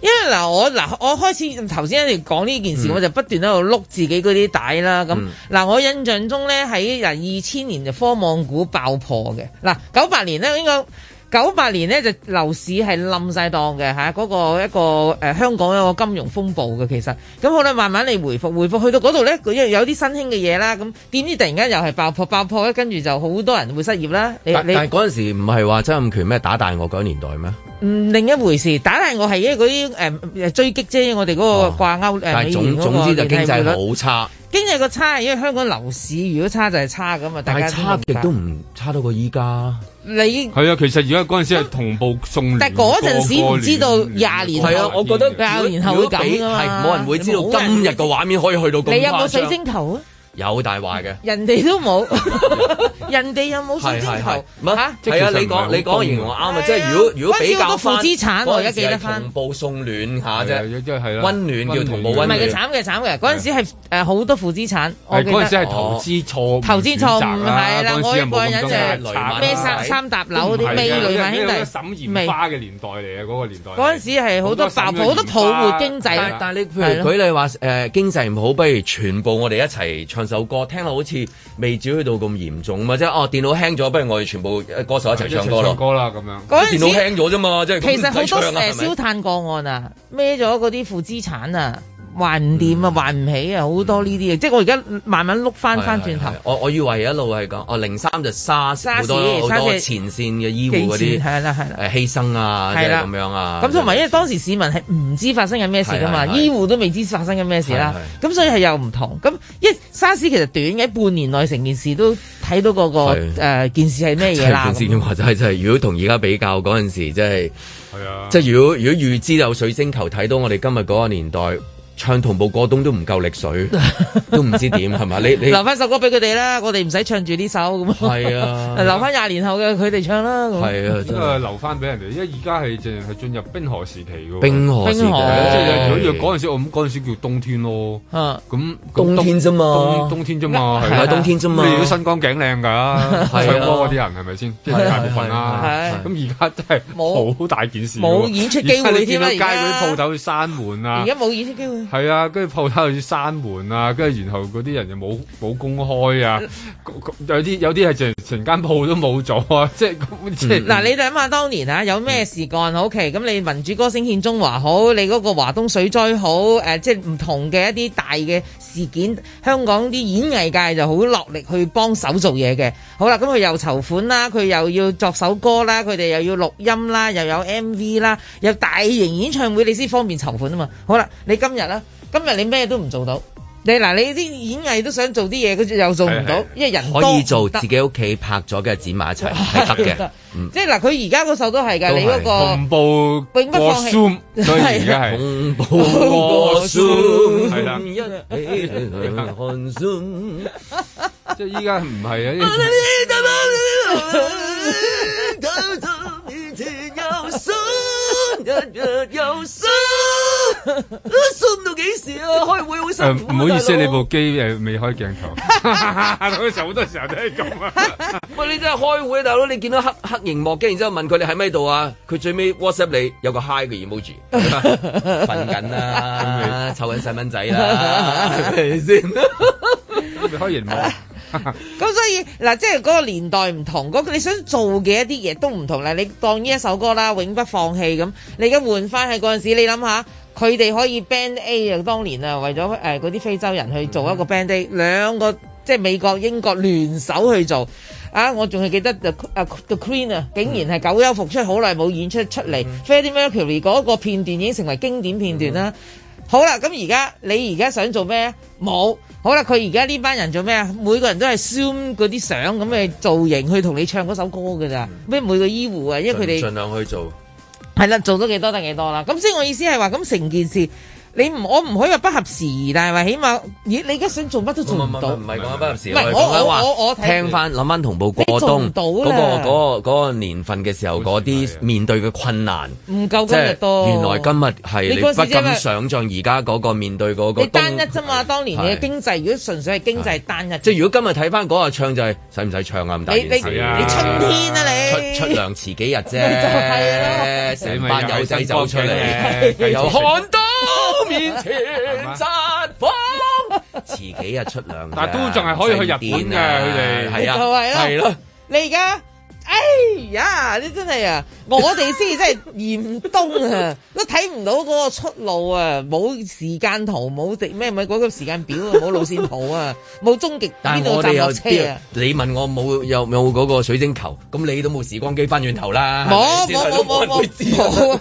因為嗱，我嗱我開始頭先講呢件事、嗯，我就不斷喺度碌自己嗰啲帶啦。咁嗱、嗯，我印象中咧喺人二千年就科網股爆破嘅。嗱九八年咧應該九八年呢，就樓市係冧晒檔嘅吓，嗰、啊那個一個誒、呃、香港一個金融風暴嘅其實，咁好啦，慢慢你回復回復去到嗰度咧，佢有啲新興嘅嘢啦，咁點知突然間又係爆破爆破咧，跟住就好多人會失業啦。你係嗰陣時唔係話曾蔭權咩打大我嗰年代咩、嗯，另一回事，打大我係因為嗰啲誒追擊啫，我哋嗰個掛鈎、呃、但係總總之就經濟好差，經濟個差係因為香港樓市如果差就係差㗎嘛，但係差極都唔差到過依家。你係啊，其實而家嗰陣時係同步送，但係嗰陣時唔知道廿年係啊，我覺得廿年後會咁啊，冇人會知道今日嘅畫面可以去到咁誇張。你有冇水晶球啊？有大話嘅，人哋都冇， 人哋又冇送枝頭係啊，你講你講完我啱啊！即係、啊、如果如果比較翻，我而家記得翻，同步送暖下啫，溫、啊啊啊啊、暖叫同步溫暖。唔係嘅，慘嘅慘嘅。嗰陣、啊啊啊啊啊、時係誒好多負資產，係嗰陣時係投資錯、啊啊，投資錯唔係啦。我個人就咩三三棟樓啲雷曼兄弟，花嘅年代嚟嘅嗰年代，嗰陣、那個、時係好多爆，好多泡沫經濟。但係你譬如舉例話誒經濟唔好，不如全部我哋一齊首歌聽落好似未至於到咁嚴重嘛，即係哦、啊、電腦輕咗，不如我哋全部歌手一齊唱歌啦，歌啦咁樣。嗰陣時電腦輕咗啫嘛，即係其實好多石燒炭個案啊，孭咗嗰啲負資產啊。還唔掂啊，還、嗯、唔起啊，好多呢啲嘢。即係我而家慢慢碌翻翻轉頭。是是是我我以為一路係講，哦零三就沙沙士，好多前線嘅醫護嗰啲係啦係啦，犧牲啊，係啦咁樣啊。咁同埋因為當時市民係唔知發生緊咩事噶嘛，是是是醫護都未知發生緊咩事啦。咁所以係有唔同。咁一沙士其實短嘅，半年內成件事都睇到、嗰個個誒件事係咩嘢啦。件事嘅話就係、是、如果同而家比較嗰陣時、就是，即係，係啊，即係如果如果預知有水晶球睇到我哋今日嗰個年代。唱同步過冬都唔夠力水，都唔知點係咪？你，你留翻首歌俾佢哋啦，我哋唔使唱住呢首咁。係啊，留翻廿年後嘅佢哋唱啦。係啊，真係留翻俾人哋，因為而家係淨係進入冰河時期喎。冰河時期，即係佢要嗰陣時，我咁嗰陣時叫冬天咯。咁、啊、冬天啫嘛，冬天啫嘛，係冬，冬天啫嘛、啊啊啊。你身光頸靚㗎，唱歌嗰啲人係咪先？即係戒啦。咁而家真係冇好大件事，冇演出機會添啦、啊。街舖頭去閂門啊。而家，而家冇演出機會。係啊，跟住鋪頭好似閂門啊，跟住然後嗰啲人又冇冇公開啊， 有啲有啲係成成間鋪都冇咗啊，即係嗱你哋諗下，當年啊有咩事乾好？奇、okay, 咁你民主歌聲獻中華好，你嗰個華東水災好，誒即係唔同嘅一啲大嘅事件，香港啲演藝界就好落力去幫手做嘢嘅。好啦，咁佢又籌款啦，佢又要作首歌啦，佢哋又要錄音啦，又有 M V 啦，又大型演唱會你先方便籌款啊嘛。好啦，你今日啦、啊。今日你咩都唔做到，你嗱你啲演藝都想做啲嘢，佢又做唔到是是是，因為人可以做自己屋企拍咗嘅剪埋一齊係得嘅，即係嗱佢而家個手都係噶，你嗰、嗰個恐怖永不放棄，係恐怖過山。即係依家唔係啊！ 是的 不 不數唔到幾時啊！開會好辛苦，啊。唔、呃、唔好意思，你部機誒未開鏡頭。好 多時候都係咁啊！喂，你真係開會，啊，大佬你見到黑黑屏幕，跟然之後問佢你喺咩度啊？佢最尾 WhatsApp 你有個 Hi 嘅 emoji，瞓緊啦，湊緊細蚊仔啦。先 你開屏幕。 咁 所以嗱，即係嗰個年代唔同，咁你想做嘅一啲嘢，都唔同啦。你當呢一首歌啦《永不放棄》咁，你而家換翻喺嗰陣時，你諗下，佢哋可以 Band A 啊，當年啊為咗誒嗰啲非洲人去做一個 Band A，兩個即係美國、英國聯手去做啊。我仲係記得 The The Queen 啊，竟然係久休復出，好耐冇演出出嚟。嗯、Freddie Mercury 嗰個片段已經成為經典片段啦。嗯好啦，咁而家你而家想做咩？冇。好啦，佢而家呢班人做咩啊？每個人都係燒嗰啲相咁嘅造型去同你唱嗰首歌㗎咋？咩、嗯、每個醫護啊，因為佢哋盡量去做。係啦，做咗幾多得幾多啦。咁所以我意思係話，咁成件事。你唔我唔可以話不合時，但係話起碼咦，你而家想做乜都做唔到。唔係講不合時宜，我講緊話聽返，諗返同步過冬嗰、那個嗰、那個那個年份嘅時候嗰啲、那個啊、面對嘅困難，唔夠今日多。原來今日係你不敢想象而家嗰個面對嗰個、那個啊個，對個。你單一啫嘛？當年你嘅經濟如果純粹係經濟單一。即係如果今日睇返嗰個唱就係使唔使唱呀、啊？唔大件事啊！你春天呀、啊，你出，出糧遲幾日啫？你 就係、是、咯，成班友仔 走出嚟來， 繼續睡笑寒冬 面前綻放，遲幾日出糧，但都仲係可以去日本嘅，佢哋係啊，係咯、啊，你嘅。哎呀！你真係啊，我哋先真係嚴冬啊， 都睇唔到嗰個出路啊，冇時間圖，冇直咩咪嗰個時間表，啊 冇路線圖啊，冇終極邊度站到車啊！你問我冇有冇嗰個水晶球，咁你都冇時光機翻轉頭啦！冇冇冇冇冇，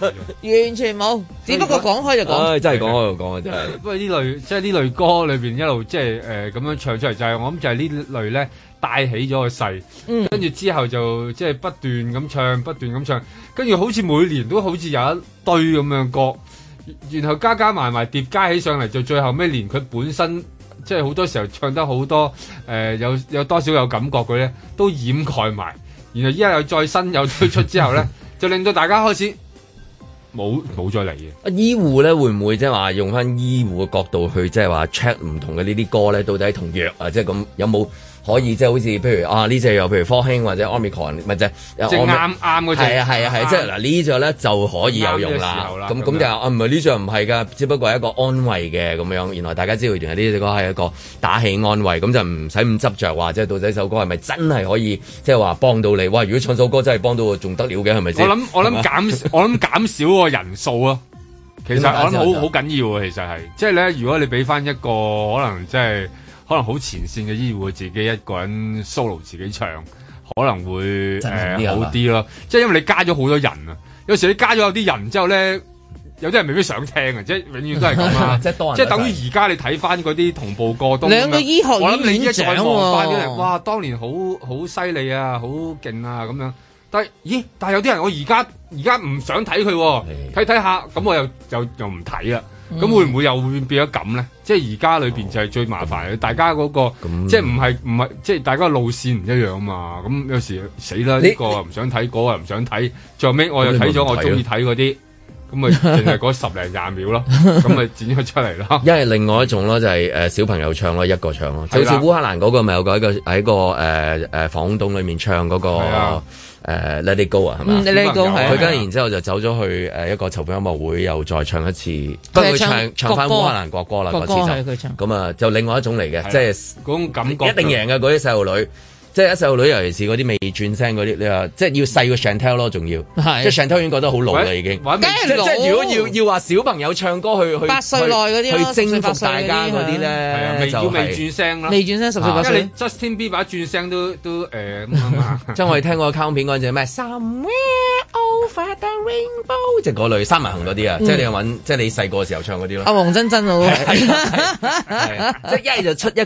完全冇。只不過講開就講，真係講開就講啊！真係。不過呢類即係呢類歌裏邊一路即係誒咁樣唱出嚟，就係，我就係我諗就係呢類咧。帶起咗個勢，跟住之後就即係、就是、不斷咁唱，不斷咁唱，跟住好似每年都好似有一堆咁樣歌，然後加加埋埋疊加起上嚟，就最後尾連佢本身即係好多時候唱得好多誒、呃，有有多少有感覺嘅咧，都掩蓋埋，然後依家又再新又推出之後呢， 就令到大家開始冇冇再嚟嘅。醫護呢會唔會即係話用返醫護嘅角度去即係話 check 唔同嘅呢啲歌呢，到底同藥啊即係咁有冇？可以即係好似，譬如啊呢隻又譬如科興或者 Omicron 咪即係即啱啱嗰隻係啊係啊，即係嗱呢隻咧就可以有用啦。咁咁就啊唔係呢隻唔係㗎，只不過係一個安慰嘅咁樣。原來大家知道原來呢隻歌係一個打氣安慰，咁就唔使咁執着話，即係到底首歌係咪真係可以即係話幫到你？哇！如果唱首歌真係幫到我，仲得了嘅係咪先？我諗我諗減我諗減少個 人數啊。其實我，我諗好好緊要啊，其實係即係咧。如果你俾翻一個可能即係。可能好前線嘅醫護自己一個人 solo 自己唱，可能會誒、啊呃、好啲咯。即係因為你加咗好多人啊，有時你加咗有啲人之後咧，有啲人未必想聽啊，即係永遠都係咁啊，即係多人。即係等於而家你睇翻嗰啲同步歌過冬都兩個醫學院長喎。哇，當年好好犀利啊，好勁啊咁樣。但係，咦？但係有啲人我而家而家唔想睇佢，睇睇下，咁我又就又又唔睇啦。咁、嗯、會唔會又會變咗咁咧？即係而家裏面就係最麻煩、哦嗯，大家嗰、那個、嗯、即係唔係唔係即係大家路線唔一樣啊嘛！咁有時死啦，呢、這個唔想睇、那個，嗰個唔想睇，最後尾我又睇咗我中意睇嗰啲，咁咪淨係嗰十零廿秒咯，咁 咪剪咗出嚟咯。因為另外一種咯，就係、是、小朋友唱咯，一個唱咯，就好似烏克蘭嗰個咪有個喺個喺個誒防空洞裡面唱嗰、那個。誒、uh, Let It Go,、mm, right? Let it go 啊，係嘛？Let It Go 係佢跟，然之後就走咗去誒一個籌備音樂會，又再唱一次，不過佢唱唱翻烏克蘭國歌啦，嗰次就佢、啊、唱，咁啊，就另外一種嚟嘅，即係嗰種感覺，一定贏嘅嗰啲細路女。即係一細路女，尤其是嗰啲未轉聲嗰啲，你話即係要細個 Chantel 咯，仲要即係 Chantel 已經覺得好老啦，已經。即係如果要要話小朋友唱歌去去，八歲內嗰啲去征服大家嗰啲咧，就要、是就是、未轉聲未轉聲十歲八歲你 Justin B 把轉聲都都誒、呃 嗯，即係我哋聽過卡通片嗰陣咩？Somewhere Over the Rainbow，即係嗰類三文行嗰啲啊，即係你揾，即係你細個嘅時候唱嗰啲咯。阿黃真真好，珍珍 即係一係就出一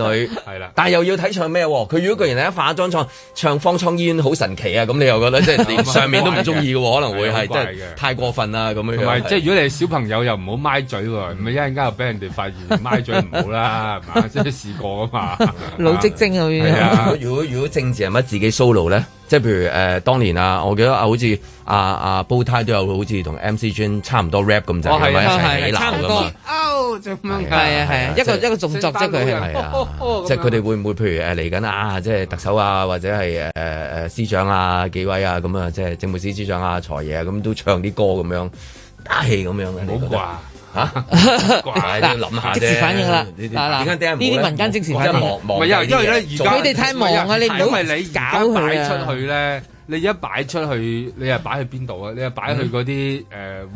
個少女，啦， 但係又要睇唱咩喎？一個人一化妝廠唱方艙醫院好神奇啊！咁你又覺得即係連上面都唔中意嘅，可能會係 即係太過分啦咁樣。唔係，即係如果你係小朋友又唔好咪嘴，唔、嗯、係一陣間又俾人哋發現咪 嘴唔好啦，係 嘛？即係試過啊嘛。老積精啊！如果如果政治係乜自己 solo 咧，即係譬如誒、呃，當年啊，我記得好似阿阿煲呔都有好似同 MC Jin 差唔多 rap 咁就，、哦啊，一齊起係啊係啊，啊，啊，一個是一個動作，即佢係，即係佢哋會唔會，譬如，誒嚟緊啊，即係特首啊，或者係誒誒司長啊，幾位啊，咁啊，即係政務司司長啊，財爺啊，咁都唱啲歌咁樣打氣咁樣嘅，唔好掛吓，諗、啊、 下啫，即時反應啦，啦呢啲民間即時真係忙忙，唔係，因為因為咧而家佢哋太忙啊，你唔係你搞佢啊，擺出去咧，你一擺出，出去，你又擺去邊度啊？你又擺去嗰啲誒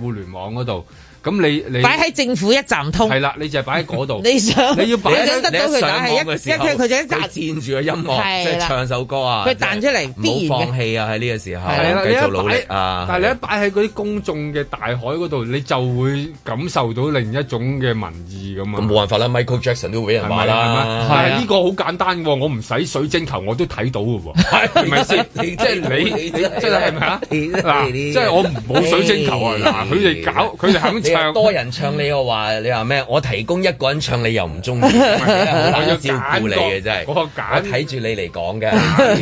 互聯網嗰度。咁你你擺喺政府一站通係啦，你就係擺喺嗰度。你想你要擺喺你上網嘅時候，佢就一揸住個音樂，即係唱首歌啊。佢彈出嚟，唔好放棄啊！喺呢個時候繼續努力啊！但係你一擺喺嗰啲公眾嘅大海嗰度，你就會感受到另一種嘅民意咁啊！咁冇辦法啦，Michael Jackson 都俾人話啦。但係呢個好簡單喎，我唔使水晶球我都睇到㗎喎。係咪先？即係你你真係係咪啊？嗱，即係我冇水晶球啊！嗱，佢哋搞佢哋係咁。多人唱你又話，你話咩？我提供一個人唱你，你又唔中意，我照顧你嘅真係。我睇住你嚟講嘅，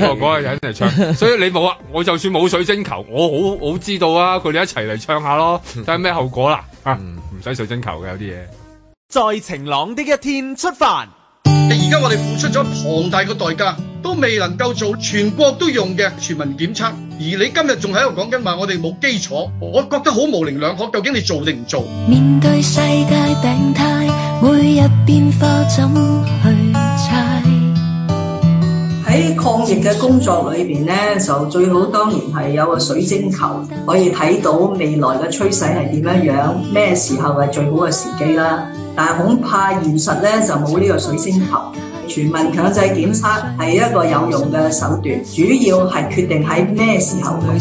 我嗰個人嚟唱。 所以你冇啊，我就算冇水晶球，我好好知道啊。佢哋一齊嚟唱下咯，睇下咩後果啦，啊。吓、 啊，唔使水晶球嘅有啲嘢。在晴朗的一天出發。而家我哋付出咗龐大嘅代價，都未能夠做全國都用嘅全民檢測。而你今日仲喺度講緊話，我哋冇基礎，我覺得好模棱兩可。究竟你做定唔做？面對世界病態，每日變化，怎去猜？喺抗疫嘅工作裏邊咧，就最好當然係有個水晶球，可以睇到未來嘅趨勢係點樣樣，咩時候係最好嘅時機啦。但恐怕現實呢，就冇呢個水晶球。全民強制檢測係一個有用嘅手段，主要係決定喺咩時候用。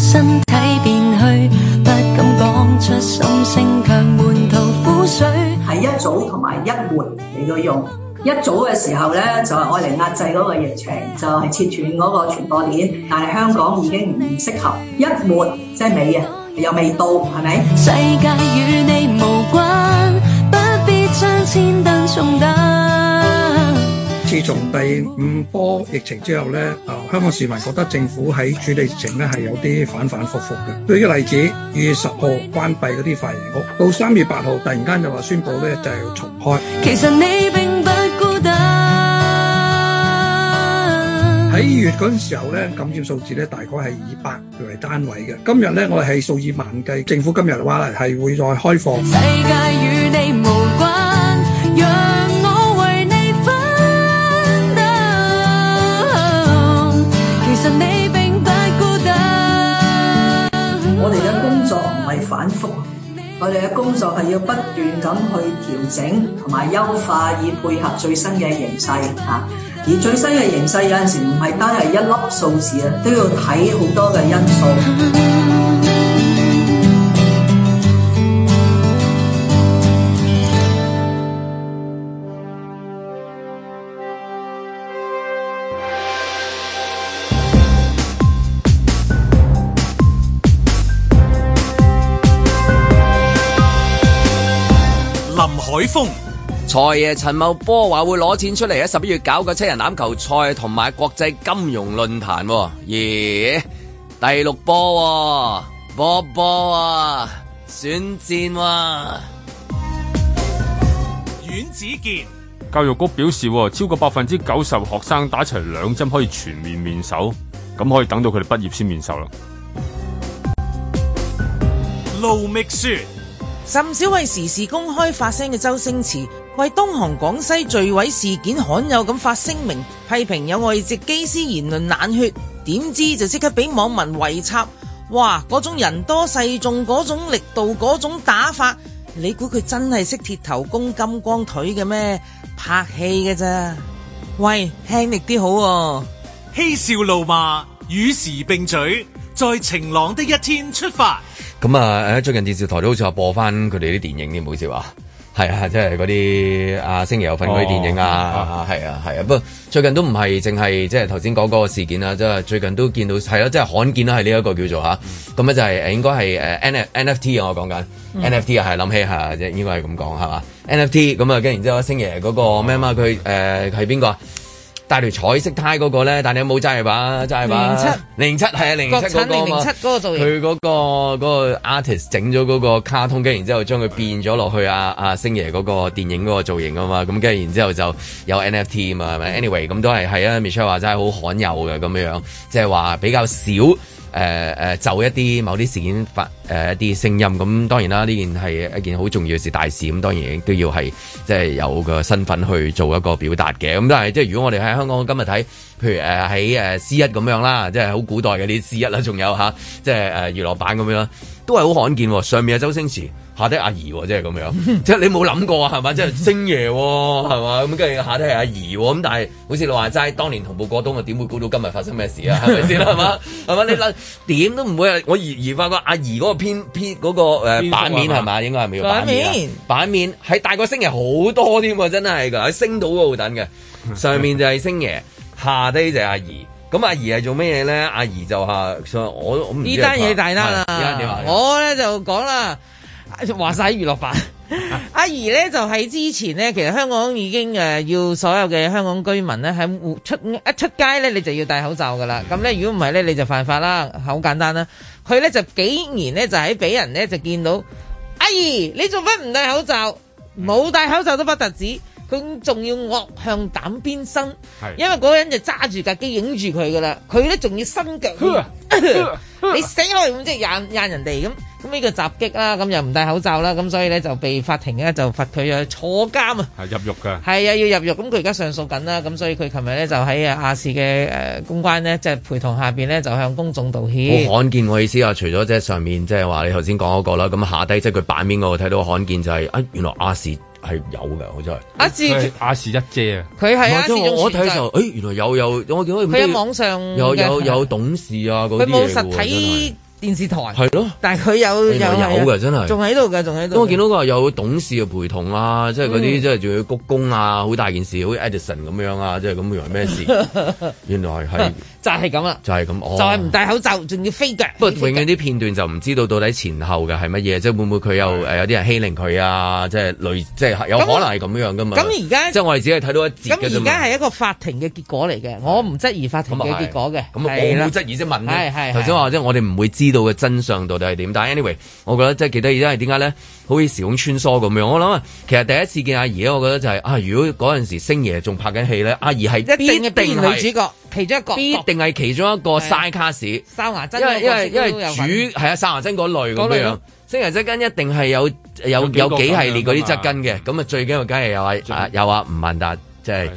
係一早同埋一晚嚟到用。一早嘅時候呢，就係愛嚟壓制嗰個疫情，就係切斷嗰個傳播鏈。但係香港已經唔適合一。一晚即係尾啊，又未到，係咪？自從第五波疫情之後咧，啊，香港市民覺得政府喺處理疫情咧係有啲反反复覆嘅。舉個例子，二月十號關閉嗰啲髮型屋，到三月八號突然間就話宣布咧就係重開。其實你並不孤單。喺二月嗰陣時候咧，感染數字咧大概係以百為單位嘅。今日咧我哋係數以萬計。政府今日話係會再開放。反覆我哋嘅工作係要不斷咁去調整同埋優化，以配合最新嘅形勢吓，啊。而最新嘅形勢有陣時唔係單係一粒數字啊，都要睇好多嘅因素。財爺陳茂波話會攞錢出嚟喺十一月搞個七人欖球賽同埋國際金融論壇、哦，耶！第六波、哦，波波啊、哦，選戰喎、哦。阮子健，教育局表示，超過百分之九十學生打齊兩針可以全面面授，咁可以等到佢哋畢業先面授啦。盧覓雪。甚少為時事公開發聲嘅周星馳，為東航廣西墜毀事件罕有咁發聲明批評有外籍機師言論冷血，點知就即刻俾網民圍插，哇！嗰種人多勢眾，嗰種力度，嗰種打法，你估佢真係識鐵頭功金光腿嘅咩？拍戲嘅咋？喂，輕力啲好、啊，嬉笑怒罵與時並舉。在晴朗的一天出發。咁啊，誒最近電視台都好似話播翻佢哋啲電影添，唔好意思啊。係啊，即係嗰啲阿星爺有份嗰啲電影啊。係、哦哦、啊，係啊，啊，啊，啊。不過最近都唔係淨係即係頭先講嗰個事件啊。即、就、係、是、最近都見到係啦，即係、啊就是、罕見啦，係呢一個叫做嚇。咁、嗯、咧就係應該係誒 N, N NFT, 我說、嗯、NFT 是啊，我講緊 NFT 啊，係諗起下，即係應該係咁講係嘛。NFT 咁啊，跟然之後星爺嗰個咩啊嘛，佢誒係邊個啊？戴條彩色呔嗰個咧，但你有冇真係吧？真係吧？零七零七係啊，零七個嘛。佢嗰個嗰、嗰個 artist 整咗嗰個卡通機，然之後將佢變咗落去啊，阿、啊、星爺嗰個電影嗰個造型啊嘛。咁跟住，然之後就有 NFT 啊嘛。係咪？嗯、Anyway，咁都係係啊，Michelle 話真係好罕有嘅咁樣，即係話比較少。誒誒就一啲某啲事件發誒、呃、一啲聲音，咁當然啦，呢件係一件好重要嘅事，大事咁當然都要係即係有個身份去做一個表達嘅，咁但係即係如果我哋喺香港今日睇，譬如誒喺誒 C 一咁樣啦，即係好古代嗰啲 C 一啦，仲有吓，即係誒、呃、娛樂版咁樣啦，都係好罕見，上面有周星馳。下低阿怡喎，即係咁樣， 即係你冇諗過啊，係嘛？即係星爺喎，係嘛？咁跟住下低係阿怡喎，咁但係好似你話齋，當年同步過冬啊，點會估到今日發生咩事啊？係咪先啦？係嘛？係嘛？你諗點都唔會啊。我疑疑發覺阿怡嗰個偏偏、嗰個呃版面係咪？應該係咪個版面？版面喺大過星爺好多添喎，真係噶，喺星島嗰度等嘅，上面就係星爺，下低就係阿怡。咁阿怡係做咩嘢咧？阿怡就話、是，我我唔知單嘢大單啦，我咧就講啦。話晒娛樂版，阿姨咧就喺、是、之前咧，其實香港已經誒要所有嘅香港居民咧喺出一出街咧，你就要戴口罩噶啦。咁咧如果唔係咧，你就犯法啦，好簡單啦。佢咧就竟然咧就喺、是、俾人咧就見到阿姨，啊、2, 你做乜唔戴口罩？冇戴口罩都不特止，佢仲要惡向膽邊生，係因為嗰個人就揸住架機影住佢噶啦，佢咧仲要伸腳， 你死啦咁即係眼人哋咁。咁、這、呢個襲擊啦，咁又唔戴口罩啦，咁所以咧就被法庭咧就罰佢啊坐監啊，係入獄噶，係啊要入獄。咁佢而家上訴緊啦，咁所以佢琴日咧就喺亞視嘅誒公關呢，即、就、係、是、陪同下邊呢就向公眾道歉。好罕見我意思啊，除咗即係上面即係話你頭先講嗰個啦，咁下低即係佢版面嗰個睇到罕見就係、是、啊、哎、原來亞視係有噶，好似係阿士亞視一姐啊，佢係亞視我睇就誒原來有有，我見到佢喺網上有有有董事啊嗰啲嘢嘅電視台係咯，但係佢有有有嘅真係，仲喺度嘅仲喺度。我見到個有董事嘅陪同啊，嗯、即係嗰啲即係仲要鞠躬啊，好大件事，好似 Edison 咁樣啊，即係咁樣咩事？ 原來係就係咁啦，就係、係、咁、就係、哦，就係、係、唔戴口罩，仲要飛腳。不過永遠啲片段就唔知道到底前後嘅係乜嘢，即係會唔會佢有有啲人欺凌佢啊？即係類即係有可能係咁樣㗎嘛？咁而家即係我哋只係睇到一節㗎，咁而家係、嗯、一個法庭嘅結果嚟嘅、嗯，我唔質疑法庭嘅、就係、結果嘅，係咁我冇質疑啫，問咧。頭先話即我哋唔會知。知道嘅真相到底係點？但係 anyway，我覺得即係幾得而家為點解咧？好似時空穿梭咁樣。我諗啊，其實第一次見阿怡，我覺得就係、是、啊，如果嗰陣時星爺仲拍緊戲咧，阿怡係一定定女主角，其中一個，必定係其中一個 side 卡士，三華真，因為因為因為主係啊三華真嗰類咁樣樣。星爺根一定係有有有幾系列嗰啲側根嘅，咁啊最緊要梗係又係又阿吳孟達。即係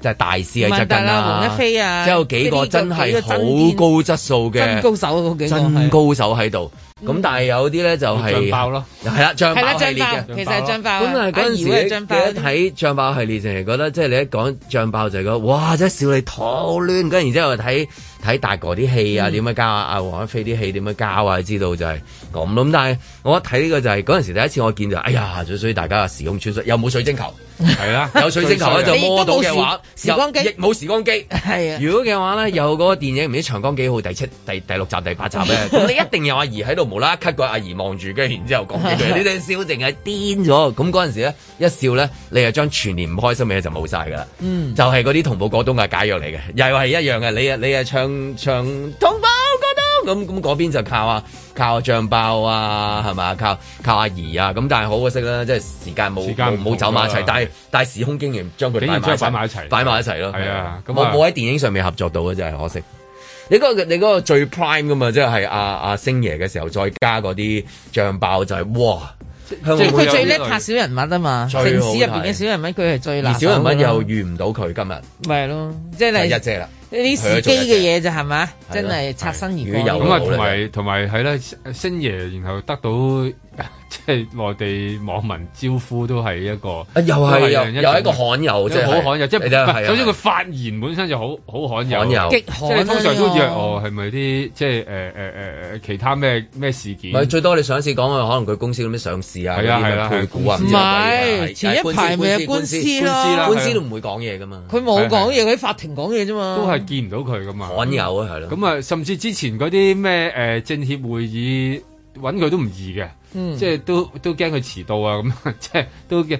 即係大師喺側近黃一飛啊，即係、啊就是、有幾個真係好高質素嘅高手啊，幾個真高手喺度。咁、嗯、但係有啲咧就係、是、爆咯，係啦，醬爆系列嘅其實醬爆、啊。本來嗰陣時，我一睇醬爆系列，成、啊、日覺得即係你一講醬爆就係覺得：「哇，真係笑你肚亂。跟住然之後睇睇大哥啲戲啊，點、嗯、樣教啊？黃一飛啲戲點樣教啊？知道就係、是。咁咁，但係我一睇呢個就係嗰陣時第一次我見到，哎呀，最衰大家時空穿梭又冇水晶球，係 啦、啊、有水晶球呢就摸到嘅話，又冇時，時光機，係啊。如果嘅話呢，有嗰個電影唔知長江幾號第七、第第六集、第八集咧，咁 你一定有阿姨喺度無啦咳 cut 個阿姨望住嘅，然之後講嘢，你哋笑淨係癲咗。咁嗰陣時呢，一笑呢，你就將全年唔開心嘅嘢就冇晒噶啦，嗯，就係嗰啲同步過冬嘅解藥嚟嘅，又係一樣嘅。你你啊唱唱 咁咁嗰邊就靠啊靠醬、啊、爆啊係咪靠靠阿姨啊咁，但係好可惜啦，即係時間冇冇走埋一齊，但係但係時空經驗將佢擺埋一齊，擺埋一齊咯。係啊，我冇喺電影上面合作到嘅真係可惜。你嗰個你嗰個最 prime 噶嘛，即係阿阿星爺嘅時候，再加嗰啲醬爆就係、是、哇，即佢最叻拍小人物啊嘛。城市入邊嘅小人物，佢係最而小人物又遇唔到佢今日，咪係咯，即、就、係、是、一姐啦。.呢啲司機嘅嘢就係咪？真係擦身而過。咁啊，同埋同埋係啦，星爺然後得到即係內地網民招呼，都係一個又係又一，有一個罕有，即係好罕有。即係首先佢發言本身就好好罕有，激罕。即係通常都以為哦，係咪啲即係、呃、其他咩咩事件？咪最多你上一次講嘅可能佢公司咁樣上市啊，係啊係啦，配股唔係前一排咪有官司啦，官司都唔會講嘢噶嘛，佢冇講嘢佢喺法庭講嘢啫嘛，都係見唔到佢咁啊罕有啊係咯，咁啊、嗯、甚至之前嗰啲咩誒政協會議揾佢都唔易嘅，嗯，即係都都驚佢遲到啊咁，即係都嘅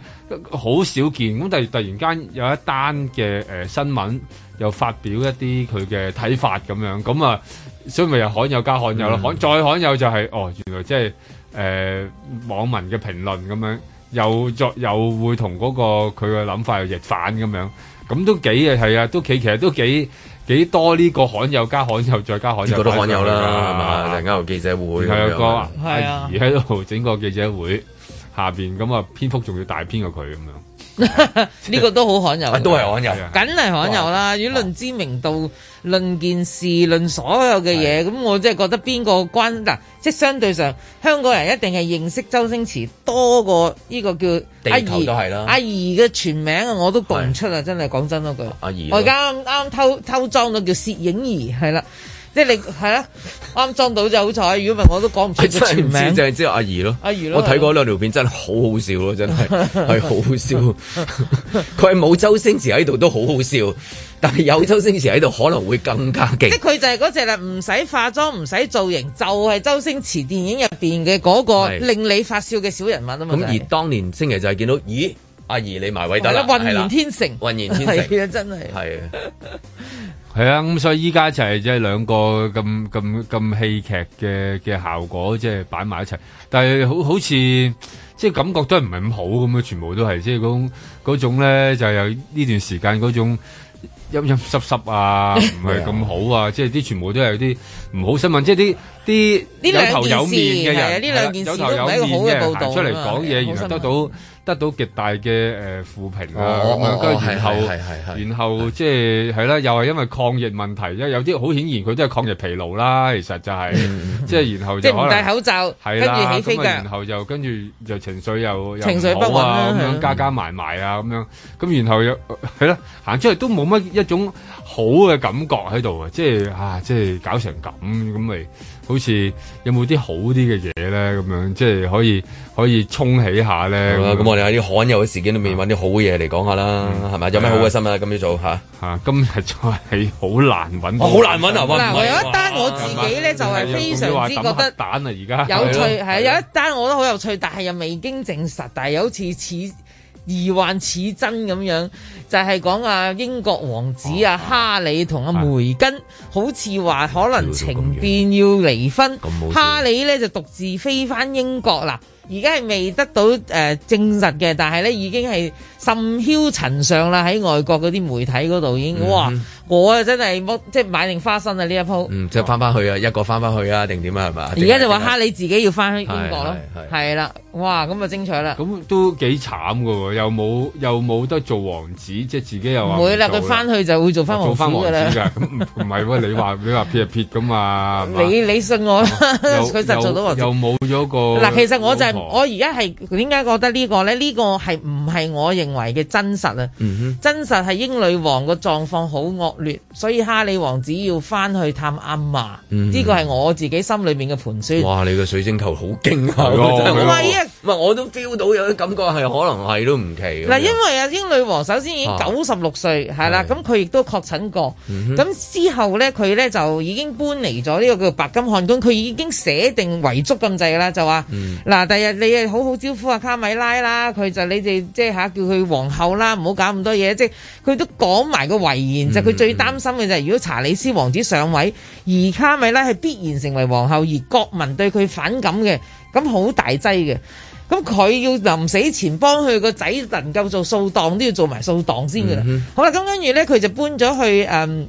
好少見。咁但係突然間有一單嘅誒新聞又發表一啲佢嘅睇法咁樣，咁啊所以咪又罕有加罕有咯，罕再罕有就係、是、哦原來即係誒網民嘅評論咁樣，又作又會同嗰、那個佢嘅諗法又逆反咁樣，咁都幾啊係啊都幾其實都幾。幾多呢個罕有加罕有再加罕有，一個罕有啦，係嘛？陣間有記者會，有個、啊啊、阿姨喺度整個記者會下邊，咁啊，篇幅仲要大篇過佢咁樣。呢 個都好罕有，都係罕有，梗係罕有啦！如果論知名度、啊、論件事、論所有嘅嘢，咁我真係覺得邊個關嗱、啊？即係相對上，香港人一定係認識周星馳多過呢個叫阿怡。阿怡嘅全名我都講唔出啊！真係講真嗰句。阿怡我剛剛，我而家啱啱偷偷裝咗叫攝影儀，係啦。即係、 就是、你係啦，啱裝到就好彩。如果唔係，我都講唔出個全名。即係知阿怡咯，阿怡咯。我睇過兩條片真係好好笑咯，真係係好好笑。佢係冇周星馳喺度都好好笑，但係有周星馳喺度可能會更加勁。 即係佢就係嗰隻啦，唔使化妝，唔使造型，就係、是、周星馳電影入邊嘅嗰個令你發笑嘅小人物啊嘛。咁而、就是、 而當年星爺就係見到，咦，阿怡你埋位得啦，渾 然天成，渾然天成，係啊，真係。 係啊，咁所以依家就係，即係兩個咁咁咁戲劇嘅、嘅效果，即係擺埋一齊。但係好好似即係感覺都係唔係咁好咁咯，全部都係即係嗰種嗰種咧，就係呢就係、有呢段時間嗰種陰陰濕濕啊，唔係咁好啊，即係啲全部都係啲唔好新聞，即係啲啲有頭有面嘅人，兩件事啊，兩件事有頭有面嘅人出嚟講嘢，然後得到。得到極大嘅誒、呃、負評啊，咁、哦、跟、哦哦、然後，哦、然後即係係啦，又係因為抗疫問題，因有啲好顯然佢都係抗疫疲勞啦，其實就係即係然後就即係唔戴口罩，跟住起飛㗎。然後又跟住就情緒又情緒不穩啦、啊，咁樣加加埋埋啊，咁樣咁然後又係啦，行出去都冇乜一種好嘅感覺喺度啊，即係啊，即、啊、係、啊、搞成咁咁咪。好似有冇啲好啲嘅嘢咧？咁樣即係可以可以衝起下咧。咁我哋喺啲罕有嘅事件裏面揾啲好嘢嚟講下啦，係咪？有咩好嘅新聞啊？今朝早吓吓、啊啊，今日真係好難揾，好難揾啊！嗱、啊啊就是，有一單我自己咧就係非常之覺得有趣啊，而家有趣係有一單我覺得好有趣，但係又未經證實，但係又好似似疑幻似真咁樣。就係講啊，英國王子啊，哈里同阿梅根好似話可能情變要離婚，哈里呢就獨自飛返英國啦。而家係未得到誒證實嘅，但係呢已經係甚囂塵上啦，喺外國嗰啲媒體嗰度已經哇。嗯我啊真係即係買定花生啊呢一鋪，嗯，即係翻翻去啊，哦、一個翻翻去啊，定點啊係嘛？而家就話哈、啊、你自己要翻去英國咯、啊，係啦，哇咁啊精彩啦！咁都幾慘噶，又冇又冇得做王子，即係自己又話會啦，佢翻去就會做翻王子噶啦，咁唔唔係你話你話撇就撇咁嘛？ 你你信我，啦 佢又 實做到王子，又冇咗個嗱，其實我就係、是、我而家係點解覺得個呢、這個咧？呢個係唔係我認為嘅真實啊、嗯？真實係英女王個狀況好惡。所以哈里王子要翻去探阿嫲，呢個係我自己心裏面嘅盤算。哇！你個水晶球好勁啊！唔係我，我都 feel 到有啲感覺係可能係都唔奇。嗱，因為啊英女王首先已經九十六歲，係、啊、啦，咁佢亦都確診過。咁、嗯、之後咧，佢咧就已經搬嚟咗呢個叫白金漢宮。佢已經寫定遺囑咁滯啦，就話嗱第日你係好好招呼阿、啊、卡米拉啦。佢就你哋即係嚇叫佢皇后啦，唔好搞咁多嘢。即係佢都講埋個遺言就佢最。嗯最擔心嘅就係，如果查理斯王子上位，而卡米拉係必然成為皇后，而國民對佢反感嘅，咁好大劑嘅。咁佢要臨死前幫佢個仔能夠做掃蕩，都要做埋掃蕩先噶啦。好啦，咁跟住呢，佢就搬咗去誒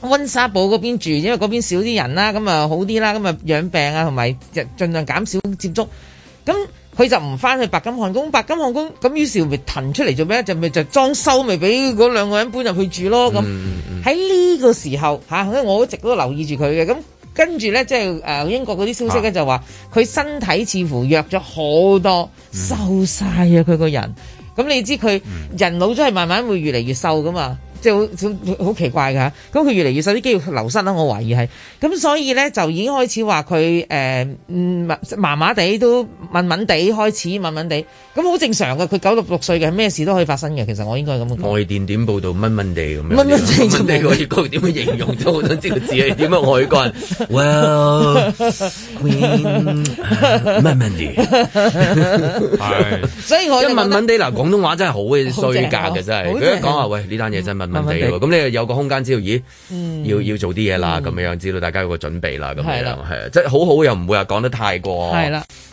温莎堡嗰邊住，因為嗰邊少啲人啦，咁啊好啲啦，咁啊養病啊，同埋盡量減少接觸。咁佢就唔翻去白金漢宮，白金漢宮咁於是咪騰出嚟做咩就咪就裝修，咪俾嗰兩個人搬入去住咯。咁喺呢個時候、嗯啊、我一直都留意住佢嘅。咁跟住咧，即、就、係、誒、英國嗰啲消息咧、啊，就話佢身體似乎弱咗好多，嗯、瘦晒啊佢個人。咁你知佢人老咗係慢慢會越嚟越瘦噶嘛？就好奇怪嘅，咁、啊、佢越嚟越受啲機會流失啦，我懷疑係，咁所以咧就已經開始話佢誒麻麻麻地都問問地開始問問地，咁好正常嘅，佢九十六歲嘅咩事都可以發生嘅，其實我應該係咁講。外電點報道？問問地咁樣。問問地，可以講點樣形容？我想知道自己點樣外觀。Well, man, 問問地係，所以我一問問地嗱，廣東話真係好衰格嘅，真係。如果講話喂呢單嘢真係問。咁你,你有個空間知道，咦，要要做啲嘢啦，咁、嗯、樣樣知道大家有個準備啦，咁樣係即係好好又唔會話講得太過，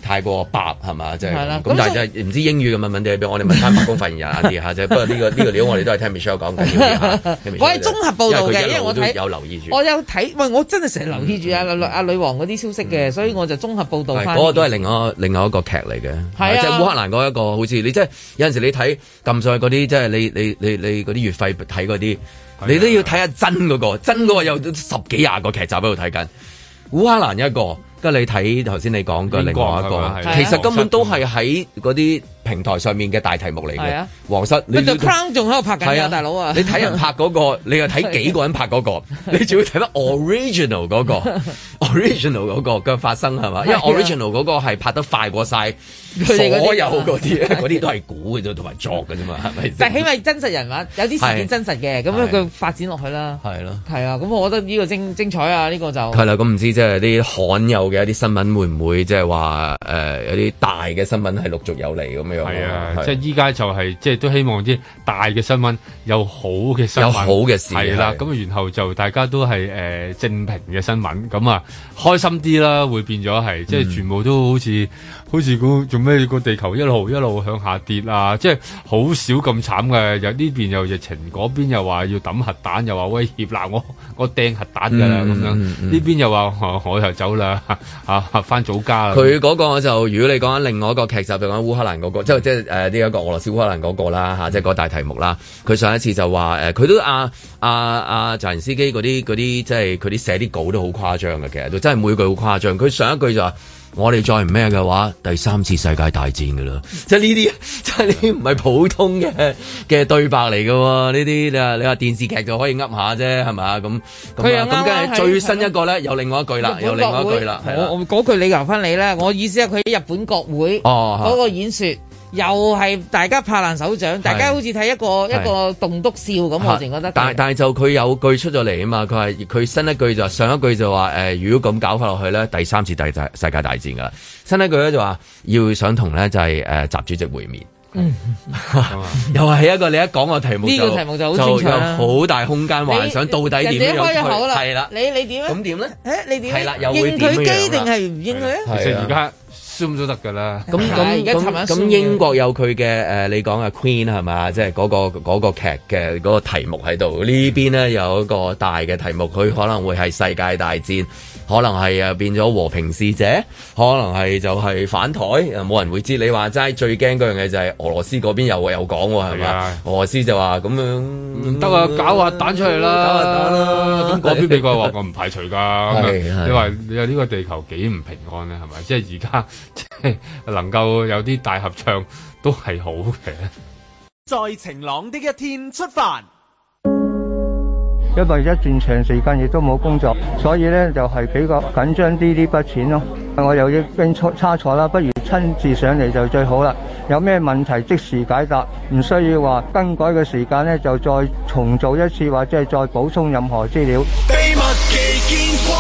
太過白係嘛，即係咁。但係唔知英語嘅問問地俾我哋問翻白宮發言人啲嚇啫。不過呢個呢、呢個料我哋都係聽 Michelle 講緊嘅。我係綜合報道嘅，因為,都因為我睇有留意住，我有睇。喂，我真係成日留意住阿、啊嗯、女王嗰啲消息嘅，所以我就綜合報道翻。嗰、嗰個都係另外另外一個劇嚟嘅，即係烏克蘭嗰一個好似你即係有陣時你睇撳上去嗰啲，即係你你你嗰啲月費嗰啲，你都要睇下真嗰、那個真嗰個有十幾廿個劇集喺度睇緊，烏克蘭一個，跟住你睇頭先你講嘅另外一個，其實根本都係喺嗰啲。平台上面嘅大題目嚟嘅，皇室、啊，佢仲喺度拍緊啊，大佬啊！你睇人拍嗰、那個， 你又睇幾個人拍嗰、那個？啊、你仲要睇返 original 嗰、那個 ？original 嗰個嘅發生係嘛、啊？因為 original 嗰個係拍得快過曬所有嗰啲，嗰啲、啊、都係估嘅啫，同埋、啊、作嘅啫嘛，係咪？但係起碼真實人物，有啲事件真實嘅，咁樣佢發展落去啦，係咯，係啊，咁、啊啊、我覺得呢個精精彩啊，呢、這個就係啦。咁唔、啊、知即係啲罕有嘅一啲新聞會唔會即係話誒有啲大嘅新聞係陸續有嚟咁？係啊，即係依家就係，即係、就是、都希望啲大嘅新聞，有好嘅新聞，有好嘅事啦。咁啊，然後就大家都係誒、呃、正評嘅新聞，咁、嗯、啊開心啲啦，會變咗係、嗯，即係全部都好似。好似個做咩個地球一路一路向下跌啊！即係好少咁慘嘅，有呢邊又疫情，嗰邊又話要抌核彈，又話威脅。嗱，我掟核彈噶啦咁樣，呢邊又話我又走啦嚇，嚇翻祖家。佢嗰個就如果你講緊另外一個劇集，就如講烏克蘭嗰、那個，即係即係誒呢一個俄羅斯烏克蘭嗰、那個啦嚇，即係嗰個大題目啦。佢上一次就話誒，佢、呃、都啊，啊，啊，澤連斯基嗰啲嗰啲，即係佢啲寫啲稿都好誇張嘅，其實都真係每句好誇張。佢上一句就話。我哋再唔咩嘅話，第三次世界大戰噶啦！即係呢啲，即係呢啲唔係普通嘅嘅對白嚟噶喎。呢啲你話你話電視劇就可以噏下啫，係咪？咁咁啊？咁梗係最新一個咧，有另外一句啦，有另外一句啦，係我我嗰句你留翻你呢，我意思係佢喺日本國會嗰個演說。哦又係大家拍爛手掌，大家好似睇一個一個棟篤笑咁，我淨覺得。但但係就佢有句出咗嚟啊嘛，佢話佢新一句就上一句就話誒、呃，如果咁搞法落去咧，第三次大世界大戰㗎啦。新一句咧就話要想同咧就係、是、誒、呃、習主席會面。嗯， 又係一個你一講、這個題目就、啊、就有好大空間幻想到底點樣推，口啦，你你點咧？咁點咧？誒，你點應佢機定係唔應佢啊，欸啊認認？其實而家、啊。做唔做得噶啦？咁咁咁英國有佢嘅誒，你講啊 Queen 係嘛？即係嗰個嗰個劇嘅嗰個題目喺度。呢邊咧有一個大嘅題目，佢可能會係世界大戰。可能係啊，變咗和平使者，可能係就係反台，啊，冇人會知。你話齋最驚嗰樣嘢就係俄羅斯嗰邊又會有講，係咪？俄羅斯就話咁樣唔得啊，搞核彈出嚟啦，搞就得啦。咁嗰邊你話我唔排除噶， 你話你有呢個地球幾唔平安咧？係咪？即係而家，即係能夠有啲大合唱都係好嘅。在晴朗的一天出發。因為一段長時間亦都冇工作，所以咧就係比較緊張啲呢筆錢咯。我又要驚出差錯啦，不如親自上嚟就最好啦。有咩問題即時解答，唔需要話更改嘅時間咧，就再重做一次或者係再補充任何資料。秘密健康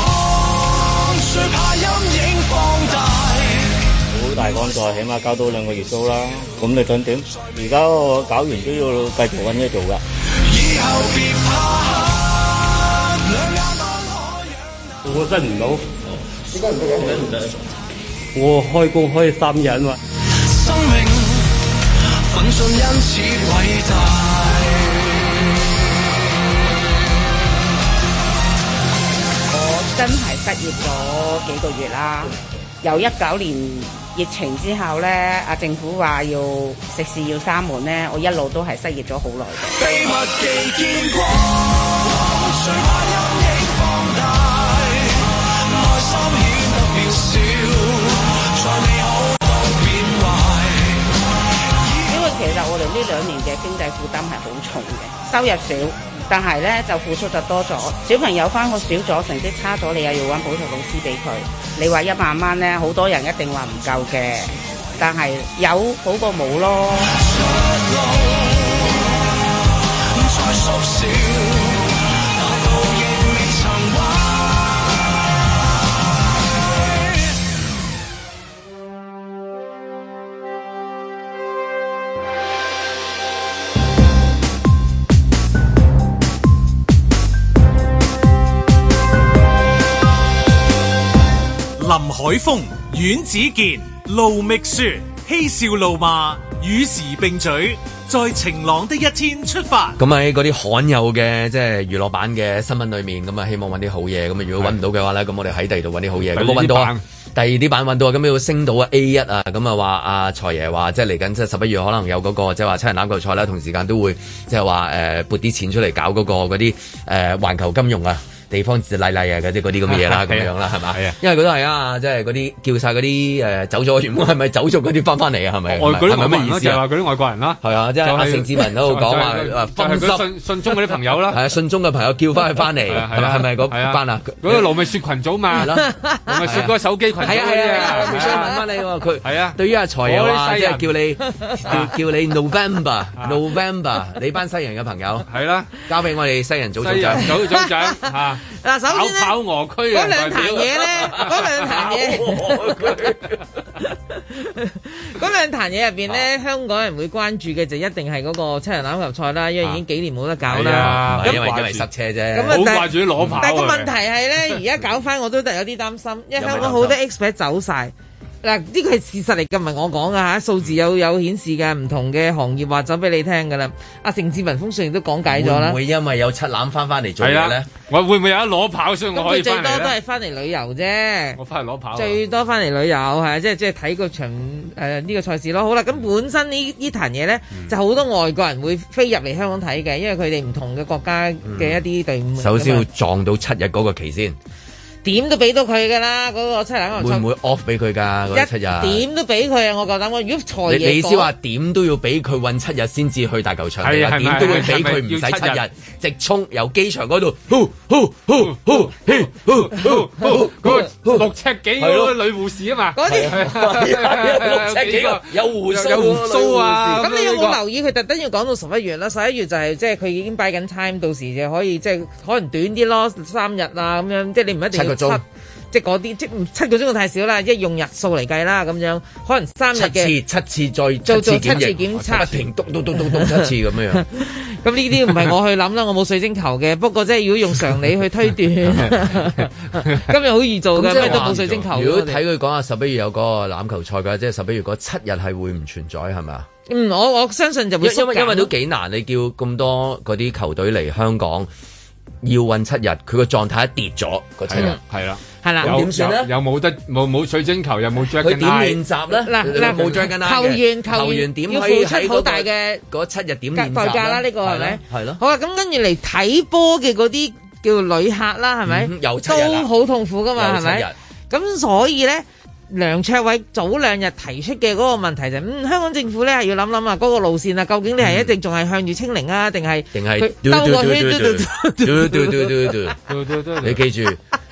誰怕陰影放大，好大幫助，起碼交到兩個月租啦。咁你想點？而家我搞完都要繼續揾嘢做噶。以後別怕我真唔到，依家唔得講緊唔得。我、哦、開工開三人喎、啊。我真係失業咗幾個月啦。由一九年疫情之後咧，阿政府話要食肆要閂門咧，我一路都係失業咗好耐。 呢兩年嘅經濟負擔係好重嘅，收入少，但係呢就付出得多咗。小朋友返學少咗，成績差咗，你又要揾補習老師俾佢。你話一萬蚊呢，好多人一定話唔夠嘅，但係有，有好過冇咯。海峰、阮子健、盧覓雪，嬉笑怒罵，與時並嘴，在晴朗的一天出發。咁喺嗰啲罕有嘅即係娛樂版嘅新聞裏面，咁啊希望揾啲好嘢。咁啊如果揾唔到嘅話咧，咁我哋喺第二度揾啲好嘢。第二啲，嗯那個，板，第二啲版揾到啊！咁要升到啊 A 一啊！咁啊話阿財爺話，即係嚟緊即係十一月可能有嗰，那個即係話七人欖球賽啦，同時間都會即係話誒撥啲錢出嚟搞嗰，那個嗰啲誒環球金融啊！地方賴賴啊，嗰啲嗰啲咁嘅嘢啦，咁樣啦，係嘛、啊啊？因為佢都係啊，即係嗰啲叫晒嗰啲誒走咗，原本係咪走咗嗰啲翻翻嚟啊？係咪？外嗰啲咩意思啊？就係話嗰啲外國人啦。係啊，即係阿陳志文都好講話，話、就、分、是就是就是就是、濕信忠嗰啲朋友啦、啊。係啊，信忠嘅朋友叫翻佢翻嚟，係咪嗰班啊？嗰、啊那個盧咪雪羣組嘛？係咯、啊，咪、啊、雪個手機羣嗰啲先。係啊係啊，我想問翻你喎，佢係啊，對於阿財啊話叫你叫你 November November，你班西人嘅朋友係啦，交俾我哋西人組組長組組長嚇。嗱，首先咧，嗰、啊、兩壇嘢咧，嗰、啊、兩壇嘢，嗰、啊、 兩壇嘢入面咧，啊、香港人會關注嘅就一定係嗰個七人欖球賽啦，因為已經幾年冇得搞啦，啊哎，因為因為塞車啫，好掛住啲攞牌。但係個問題係咧，而家搞翻我都得有啲擔心， 因為香港好多 expert 走晒。嗱，呢個係事實嚟㗎，唔係我講㗎嚇，數字有有顯示㗎，唔同嘅行業話咗俾你聽㗎啦。阿、啊、成志文風亦都講解咗啦。會，會因為有七欖翻翻嚟做嘢咧？呢？啊，會唔會有一攞跑所以我咁佢最多都係翻嚟旅遊啫。我翻嚟攞跑。最多翻嚟旅遊係即係即係睇個場誒呢、這個賽事咯。好啦，咁本身呢呢壇嘢咧就好多外國人會飛入嚟香港睇嘅，因為佢哋唔同嘅國家嘅一啲隊伍、嗯。首先要撞到七日嗰個期先。點都俾到佢噶啦，嗰、那個那個七日可能會唔會 off 俾佢噶？七日點都俾佢啊！我夠膽講，如果財爺你你先話點都要俾佢運七日先至去大球場，點都會俾佢，唔使七日，直衝由機場嗰度。 六尺幾嗰女護士啊嘛，嗰 啲、 啊、六尺幾有護有護士有鬍鬍啊？咁你有冇留意佢特登要講到十一月啦？十一月就係、是、即係佢已經擺緊 time，到時就可以即係可能短啲咯，三日啊咁樣，即係你唔一定要。七即係嗰啲，即係七個鐘，太少啦。即係用日數嚟計啦，咁樣可能三日嘅七,七,七,七次，七次再做七次檢測，不停篤篤篤篤篤七次咁樣。咁呢啲唔係我去諗啦，我冇水晶球嘅。不過即係如果用常理去推斷，今日好易做噶，即 係都冇水晶球。如果睇佢講下十一月有嗰個籃球賽噶，即係十一月嗰七日係會唔存在係咪？嗯，我我相信就會因為，因為都幾難，你叫咁多嗰啲球隊嚟香港。要運七日，佢個狀態一跌咗，七日係啦，係啦，點算咧？又冇得冇冇水晶球，又冇 Jack。佢點練習咧？嗱嗱冇 Jack。球員球員點要付出好大嘅嗰七日點代價啦？呢個係咪？係咯。好啊，咁跟住嚟睇波嘅嗰啲叫旅客啦，係咪？都好痛苦㗎嘛，係咪？咁所以咧。梁卓偉早兩日提出嘅嗰個問題就係、是：嗯，香港政府咧係要諗諗啊，嗰個路線啊，究竟你係一直仲係向住清零啊，定係定係兜過去？對對對對對對對對對對， 你記記住。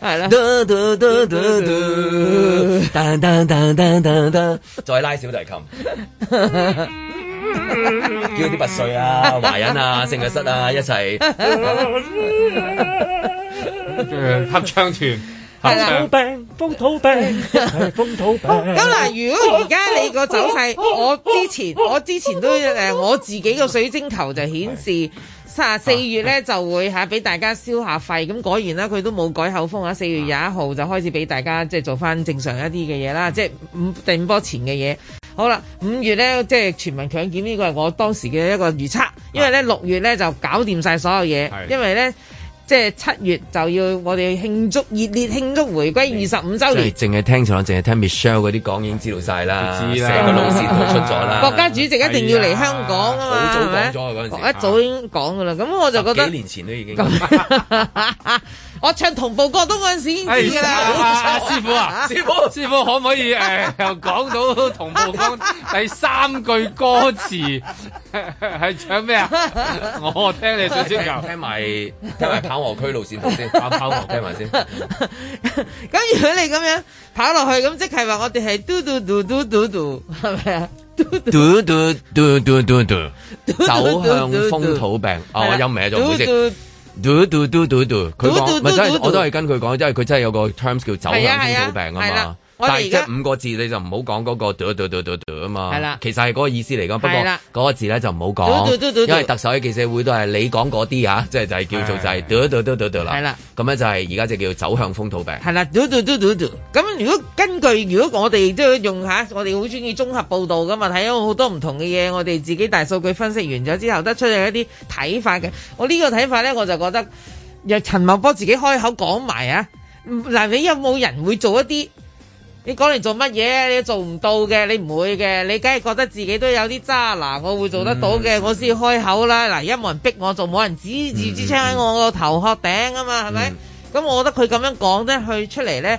係啦，嘟嘟嘟嘟嘟，噔噔噔噔噔再拉小提琴， 叫啲拔萃啊，華人啊，聖亞失啊，一齊 ，合唱團，風土病，風土病，風土病。咁 嗱土， 如果而家你個走勢，我之前，我之前都誒，我自己個水晶球就顯示。四月呢就會嚇俾大家消下費，咁果然啦，佢都冇改口風啊。四月廿一號就開始俾大家即係做翻正常一啲嘅嘢啦，即係五第五波前嘅嘢。好啦，五月呢，即係全民強檢，呢個係我當時嘅一個預測，因為呢六月呢就搞掂晒所有嘢，因為呢。即係七月就要我哋慶祝熱烈慶祝回歸二十五週年，即係淨係聽陳朗，淨係聽 Michelle 嗰啲講已經知道晒啦，成個老師都出咗啦、啊。國家主席一定要嚟香港啊嘛，好早講咗嗰陣時一早已經講噶啦。咁、啊、我就覺得幾年前都已經 我唱同步歌都嗰陣時，係啦，師傅啊，師傅、啊，師傅可唔可以誒，又 講到同步歌第三句歌詞係 唱咩啊？我聽你唱先，聽埋聽埋跑河區路線先，跑河區埋先。咁如果你咁樣跑落去，咁即係話我哋係嘟嘟嘟嘟嘟嘟，係咪啊？嘟嘟嘟嘟嘟嘟嘟，走向風土病。哦，我音名咗，好先。嘟嘟嘟嘟嘟，佢講，唔係，真係我都係跟佢講，因為佢真係有個 terms 叫走心土病啊嘛。但係即係五個字，你就唔好講嗰個嘟嘟嘟嘟嘟啊嘛。係啦，其實係嗰個意思嚟噶，不過嗰個字咧就唔好講，因為特首喺記者會都係你講嗰啲啊，即係就係叫做就係嘟嘟嘟嘟嘟，係啦，咁咧就係而家就叫走向風土病。係啦，嘟嘟嘟嘟嘟。咁如果根據如果我哋即係用下、啊，我哋好中意綜合報道噶嘛，睇咗好多唔同嘅嘢，我哋自己大數據分析完咗之後，得出嚟一啲睇法嘅。我呢個睇法咧，我就覺得若陳茂波自己開口講埋啊，嗱，你有冇人會做一啲？你講嚟做乜嘢？你都做唔到嘅，你唔會嘅，你梗係覺得自己都有啲渣男，我會做得到嘅，嗯、我先開口啦。嗱，一冇人逼我做，冇人指住支槍喺我個頭殼頂啊嘛，係、嗯、咪？咁、嗯、我覺得佢咁樣講呢，佢出嚟呢。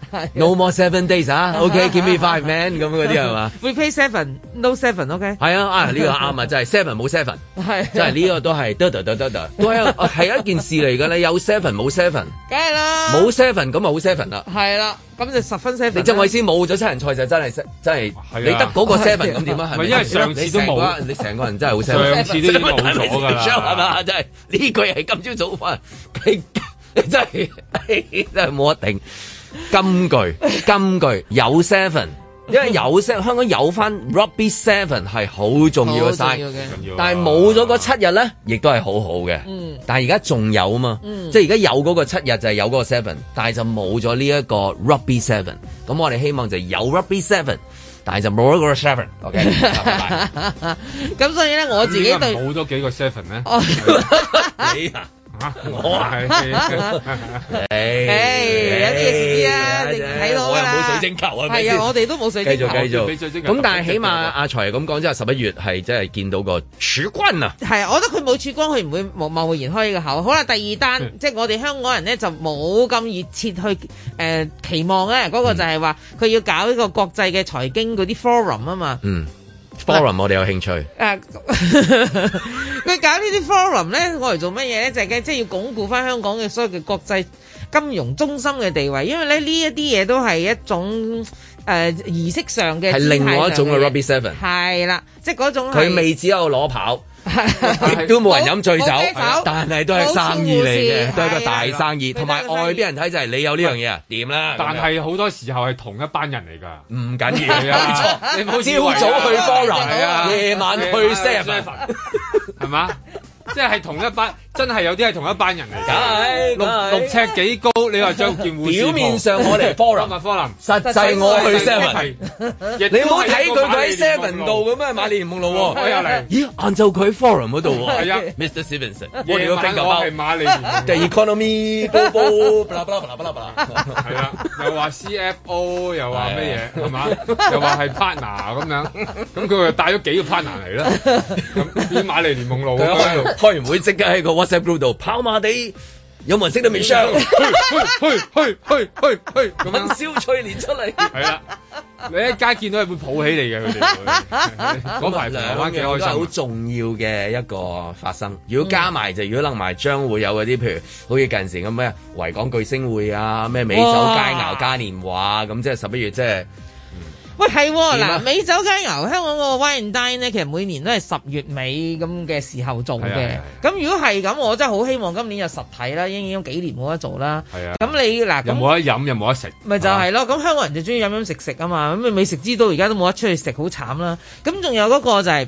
No more seven days 啊，OK，give me five man，咁嗰啲係嘛？We pay seven，no seven，OK。係啊，呢個啱啊，真係 seven 冇 seven，係真係呢個都係得得得得得，都係係一件事嚟噶啦，有 seven 冇 seven，梗係啦，冇 seven 咁咪好 seven 啦，係啦，咁就十分 seven。即係我哋先冇咗七人賽就真係真真係，你得嗰個 seven 咁點啊？唔係因為上次都冇啊，你成個人真係好 seven。上次都冇噶啦，係嘛？真係呢個係今朝早飯，真係真係冇一定。金句金句有 seven，因為有 seven，香港有翻 Rugby Seven 係好重要嘅，但係冇咗嗰七日咧，亦都係好好嘅。嗯，但係而家仲有啊嘛，即係而家有嗰個七日就係有嗰個 seven，但係就冇咗呢一個 Rugby Seven。咁我哋希望就有 Rugby Seven，但係就冇咗個 Rugby Seven。OK，拜拜。咁所以咧，我自己都冇咗幾個 Seven 咧。我啊，誒，一啲。水晶球啊！係啊，我哋都冇水晶球。咁但係起碼阿財咁講，之後十一月係真係見到個曙光啊！係啊，我覺得佢冇曙光，佢唔會貿貿然開個口。好啦，第二單、嗯，即係我哋香港人咧就冇咁熱切去誒、呃、期望咧、啊。嗰、那個就係話佢要搞呢個國際嘅財經嗰啲 forum 啊嘛。嗯，forum、啊、我哋有興趣。誒、啊、佢、啊、 搞呢啲 forum 咧，我嚟做乜嘢咧？就係即係要鞏固翻香港嘅所有嘅國際。金融中心嘅地位，因為咧呢一啲嘢都係一種誒、呃、儀式上嘅係另外一種嘅 Ruby Seven 係啦，即係嗰種佢未只有攞跑，亦 都冇人飲醉酒， 但係都係生意嚟嘅，都係個大生意。同埋外邊人睇就係你有呢樣嘢啊，掂啦。但係好多時候係同一班人嚟噶，唔緊要啊。冇錯，你朝、啊、早去波夜晚去 seven 係嘛？ 即係同一班。真係有啲係同一班人嚟㗎，六六尺幾高？你話張健護？表面上我嚟 forum, forum，實際我去 Seven。你唔好睇佢喺 Seven 度咁係瑪麗蓮夢露喎。睇下嚟，咦？晏晝佢喺 Forum 嗰度喎。係啊，Mr. Stevenson，o n 我哋個兵頭係瑪麗蓮。The economy，blah b l a b l a b l a b l a 係啦，又話 CFO，又話乜嘢係嘛？又話係 partner 咁樣，咁佢又帶咗幾個 partner 嚟啦。咁啲瑪麗蓮夢露開完會即刻喺個。度跑馬地有冇人識得 Michelle 去去去去去去去問蕭翠蓮出嚟。係 啦這樣， 你一家見到佢會抱起你嘅佢哋。嗰排台灣嘅係好重要嘅一個發生。如果加埋就、嗯、如果能埋將會有嗰啲譬如好似近時嘅咩維港巨星會啊咩美酒佳肴嘉年華啊咁，即係十一月即係。喂，係嗱，美酒雞牛，香港的個 wine and dine 咧，其實每年都係十月尾咁嘅時候做嘅。咁、啊啊、如果係咁，我真係好希望今年有實體啦，已經幾年冇得做啦。咁、啊、你嗱，又冇得飲又冇得食？咪就係、是、咯，咁、啊、香港人就中意飲飲食食啊嘛。咁你美食之都而家都冇得出去食，好慘啦。咁仲有嗰個就係、是。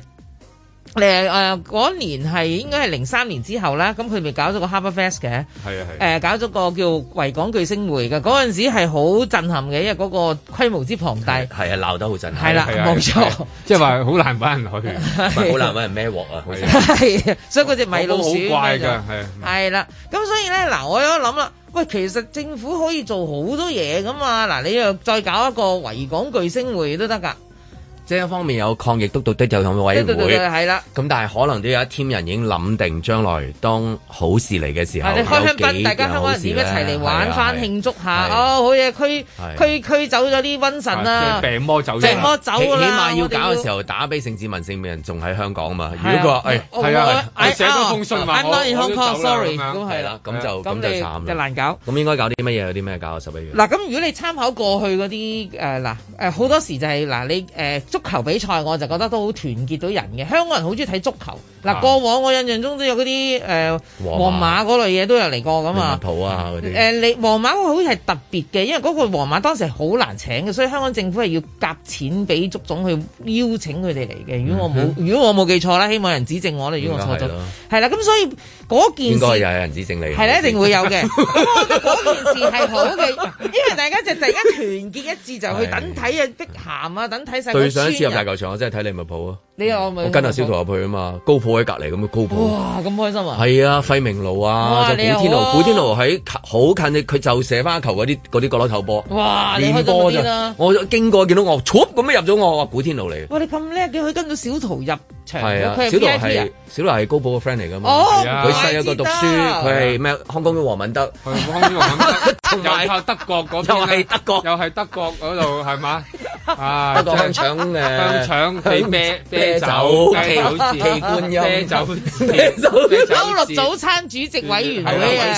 誒嗰年係應該係零三年之後啦，咁佢咪搞咗個 Harbour Fest 嘅，係啊係，誒搞咗個叫維港巨星匯嘅，嗰陣時係好震撼嘅，因為嗰個規模之龐大，係啊鬧得好震撼，係啦，冇錯，即係話好難揾人開，好難揾人孭鑊啊，係啊，所以嗰隻米老鼠好，好，好怪㗎，係啊，係啦，咁所以咧嗱，我有諗啦，喂，其實政府可以做好多嘢噶嘛，嗱，你又再搞一個維港巨星匯都得㗎。即一方面有抗疫都得有的會，督到啲就係委員會係啦。咁但係可能都有一千人已經諗定，將來當好事嚟嘅時候，啊、開香檳有幾大家香港人點一齊嚟玩翻慶祝下、啊啊啊啊？哦，好嘢，驅驅驅走咗啲瘟神啦、啊啊就是，病魔走，病魔走啦。起起碼要搞嘅時候打，打俾城市民性命人仲喺香港嘛。啊、如果話，哎，係啊，你、哎、寫多封信嘛，唔多 e m sorry，咁啦，咁就咁就就難搞。咁應該搞啲乜嘢？有啲咩搞啊？十億元嗱，咁如果你參考過去嗰啲誒嗱誒好多時就係嗱你誒。啊足球比賽我就覺得都好團結到人嘅，香港人好中意睇足球。嗱、啊，過往我印象中都有嗰啲誒皇馬嗰類嘢都有嚟過咁嘛。利物浦啊嗰啲。誒你皇馬好似係特別嘅，因為嗰個皇馬當時係好難請嘅，所以香港政府係要夾錢俾足總去邀請佢哋嚟嘅。如果我冇，如果我冇記錯啦，希望有人指正我啦。如果我錯咗，係啦，咁所以。嗰件事應該又有人指證你係，一定會有嘅。咁 我覺得嗰件事係好嘅， 因為大家就突然間團結一致就去等睇啊碧咸啊，等睇曬、啊。對上一次入大球場，我真係睇利物浦啊！你又咪我跟阿小圖入去啊嘛、嗯，高普喺隔籬咁，高普哇，咁開心啊！係啊，費明路啊，就古天奴、啊，古天奴喺好近嘅，佢就射翻球嗰啲嗰啲角落頭波、啊。哇！你開到啦，我經過見到我 c h 咁樣入咗我啊，古天奴嚟我哋你咁叻叫佢跟到小圖入。係啊，小羅係小羅係高普嘅 friend 嚟噶嘛？佢細一個讀書，佢係咩康公嘅黃文德，又係德國嗰，又係德國，又係德國嗰度係嘛？啊，香腸誒，香腸配啤啤酒，器官啤酒，歐陸早餐主席委員嗰人，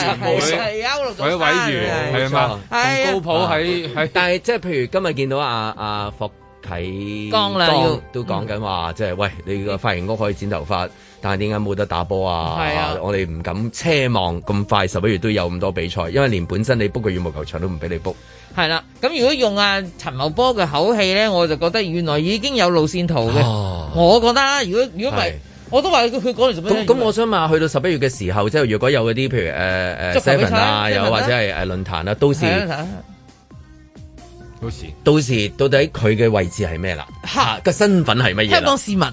係歐陸早餐主席委員，係啊，同高普喺，但係即係譬如今日見到阿阿霍。睇江,江都都講緊話，即係喂你個髮型屋可以剪頭髮，但係點解冇得打波啊,啊？我哋唔敢奢望咁快十一月都有咁多比賽，因為連本身你 book 個羽毛球場都唔俾你 book。係啦、啊，咁如果用阿、啊、陳茂波嘅口氣咧，我就覺得原來已經有路線圖嘅、啊。我覺得、啊，如果如果唔係，我都話佢佢講嚟做乜咧？咁我想問下，去到十一月嘅時候，即係如果有嗰啲譬如誒誒，即係評論啊，又或者係誒論壇啦，都市。到時到時到底佢嘅位置係咩啦？吓，個身份係乜嘢？香港市民。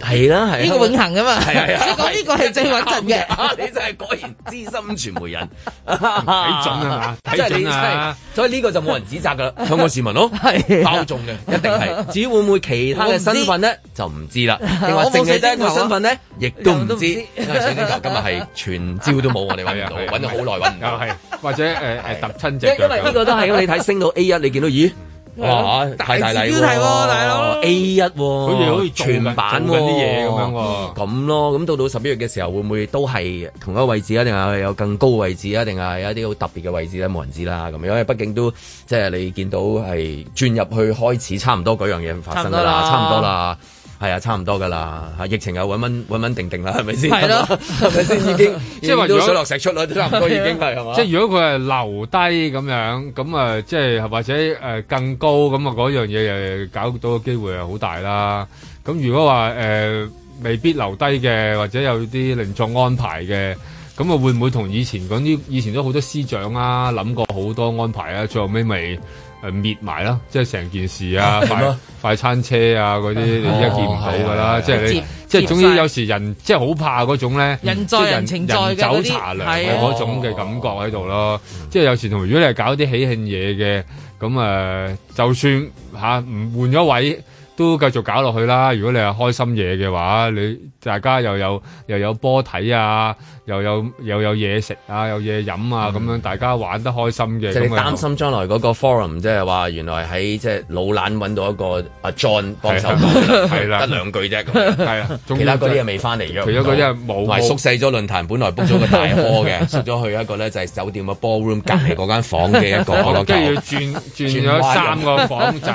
係啦、啊，係呢個永恆噶嘛，所以講呢個係最穩陣嘅。你真係果然資深傳媒人，睇準啊，睇準。所以呢個就冇人指責噶啦，香港市民咯，啊、包中嘅一定係。至於會唔會其他嘅身份咧，就唔知啦。你話淨係得一個身份咧，亦都唔知。水晶球今日係全招都冇、啊，我哋搵到，搵咗好耐搵唔到。或者誒誒特親者。因為呢個都係我哋睇星島 A 一，你見到咦？哇！太大禮大佬 A 一佢哋好似全版嗰啲嘢咁樣喎。咁咯，咁到到十一月嘅時候，會唔會都係同一個位置？一定係有更高位置？一定係有一啲好特別嘅位置咧、啊？冇人知啦、啊。咁因為畢竟都即係你見到係轉入去開始差唔多嗰樣嘢發生噶啦，差唔多啦。係啊，差唔多噶啦，吓疫情又穩穩穩穩定定啦，係咪先？係咯、啊，係咪先已經即係話要水落石出都差唔多已經係係嘛？即係如果佢係留低咁樣，咁啊，即係或者、呃、更高咁啊，嗰樣嘢搞到嘅機會係好大啦。咁如果話、呃、未必留低嘅，或者有啲另作安排嘅，咁啊會唔會同以前嗰啲以前都好多司長啊諗過好多安排啊？最後尾咪。誒、呃、滅埋咯，即係成件事啊，快 快餐車啊嗰啲，你依家見唔到㗎啦，即係你即係總之有時人、嗯、即係好怕嗰種咧，人，人情在嘅啲，係啊人走茶涼嘅嗰種嘅感覺喺度咯，哦、即係有時同如果你係搞啲喜慶嘢嘅，咁誒、呃、就算吓，唔、啊、換咗位。都繼續搞落去啦！如果你係開心嘢嘅話，你大家又有又有波睇啊，又有又有嘢食啊，又有嘢飲啊，咁、嗯、樣大家玩得開心嘅。即、就是、擔心將來嗰個 forum，即係話原來喺即係老懶揾到一個阿 John 幫手，係啦，得兩句啫。係啊， 其他嗰啲嘢未翻嚟。除咗嗰啲係冇縮細咗論壇，本來 book 咗個大波嘅，縮 咗去一個咧就係酒店嘅 ballroom 隔離嗰間房嘅一個。跟 住要轉 轉咗三個房仔，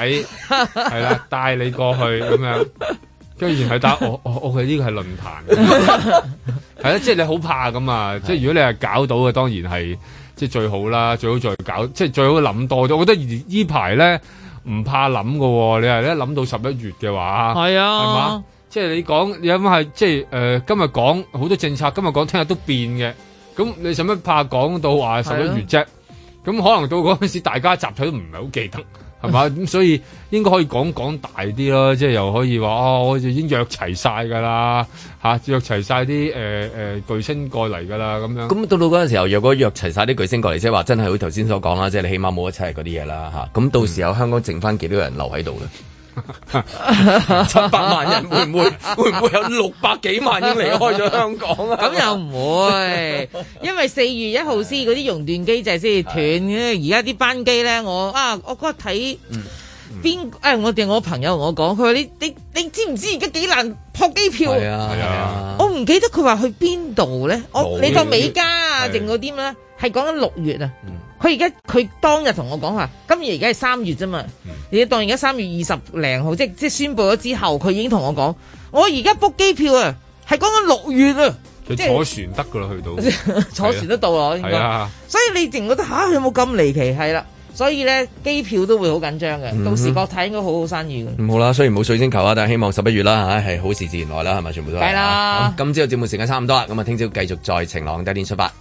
係 啦，但你。過去咁樣，居然係打我我我佢呢個係論壇，係 啊，就是、 即係你好怕咁啊！即係如果你係搞到嘅，當然係即係最好啦，最好再搞，即係最好諗多咗。我覺得依排咧唔怕諗噶，你係咧諗到十一月嘅話，係啊，係嘛？即係你講你諗係即係誒、呃，今日講好多政策，今日講聽日都變嘅，咁你使乜怕講到話十一月啫？咁、啊、可能到嗰陣時，大家集體都唔係好記得。咁 所以應該可以講講大啲咯，即係又可以話哦，我已經約齊晒㗎啦，嚇約齊晒啲誒巨星過嚟㗎啦，咁樣。咁到到嗰陣時候若果約齊晒啲巨星過嚟，即係話真係好似頭先所講啦，即係你起碼冇一切嗰啲嘢啦，嚇。咁到時候、嗯、香港剩翻幾多人留喺度咧？ 七百萬人會唔會 會唔會有六百幾萬已經離開咗香港啊？咁又唔會， 因為四月一號先嗰啲熔斷機制先斷嘅，而家啲班機咧，我啊，我嗰日睇邊，誒、嗯嗯哎，我哋我朋友同我講，佢話啲你你，你知唔知而家幾難撲機票？係啊係啊，我唔記得佢話去邊度咧，我你到美加啊定嗰啲咩？係講緊六月啊，佢而家佢當日同我講下，今現在是而、嗯、現在日而家係三月啫嘛，而且當而家三月二十零號，即即宣布咗之後，佢已經同我講，我而家 book 機票啊，係講緊六月啊，坐船得噶啦去到，就是、 坐船都到咯，係啊，啊，所以你淨覺得吓、啊、有冇咁離奇？係啦、啊，所以咧機票都會好緊張嘅，到時國泰應該好好生意嘅。好、嗯、啦，雖然冇水晶球啊，但係希望十一月啦，係好事自然來啦，係咪全部都係？梗啦、啊，今朝節目時間差唔多啦，咁啊聽朝繼續，再晴朗嘅一天出發。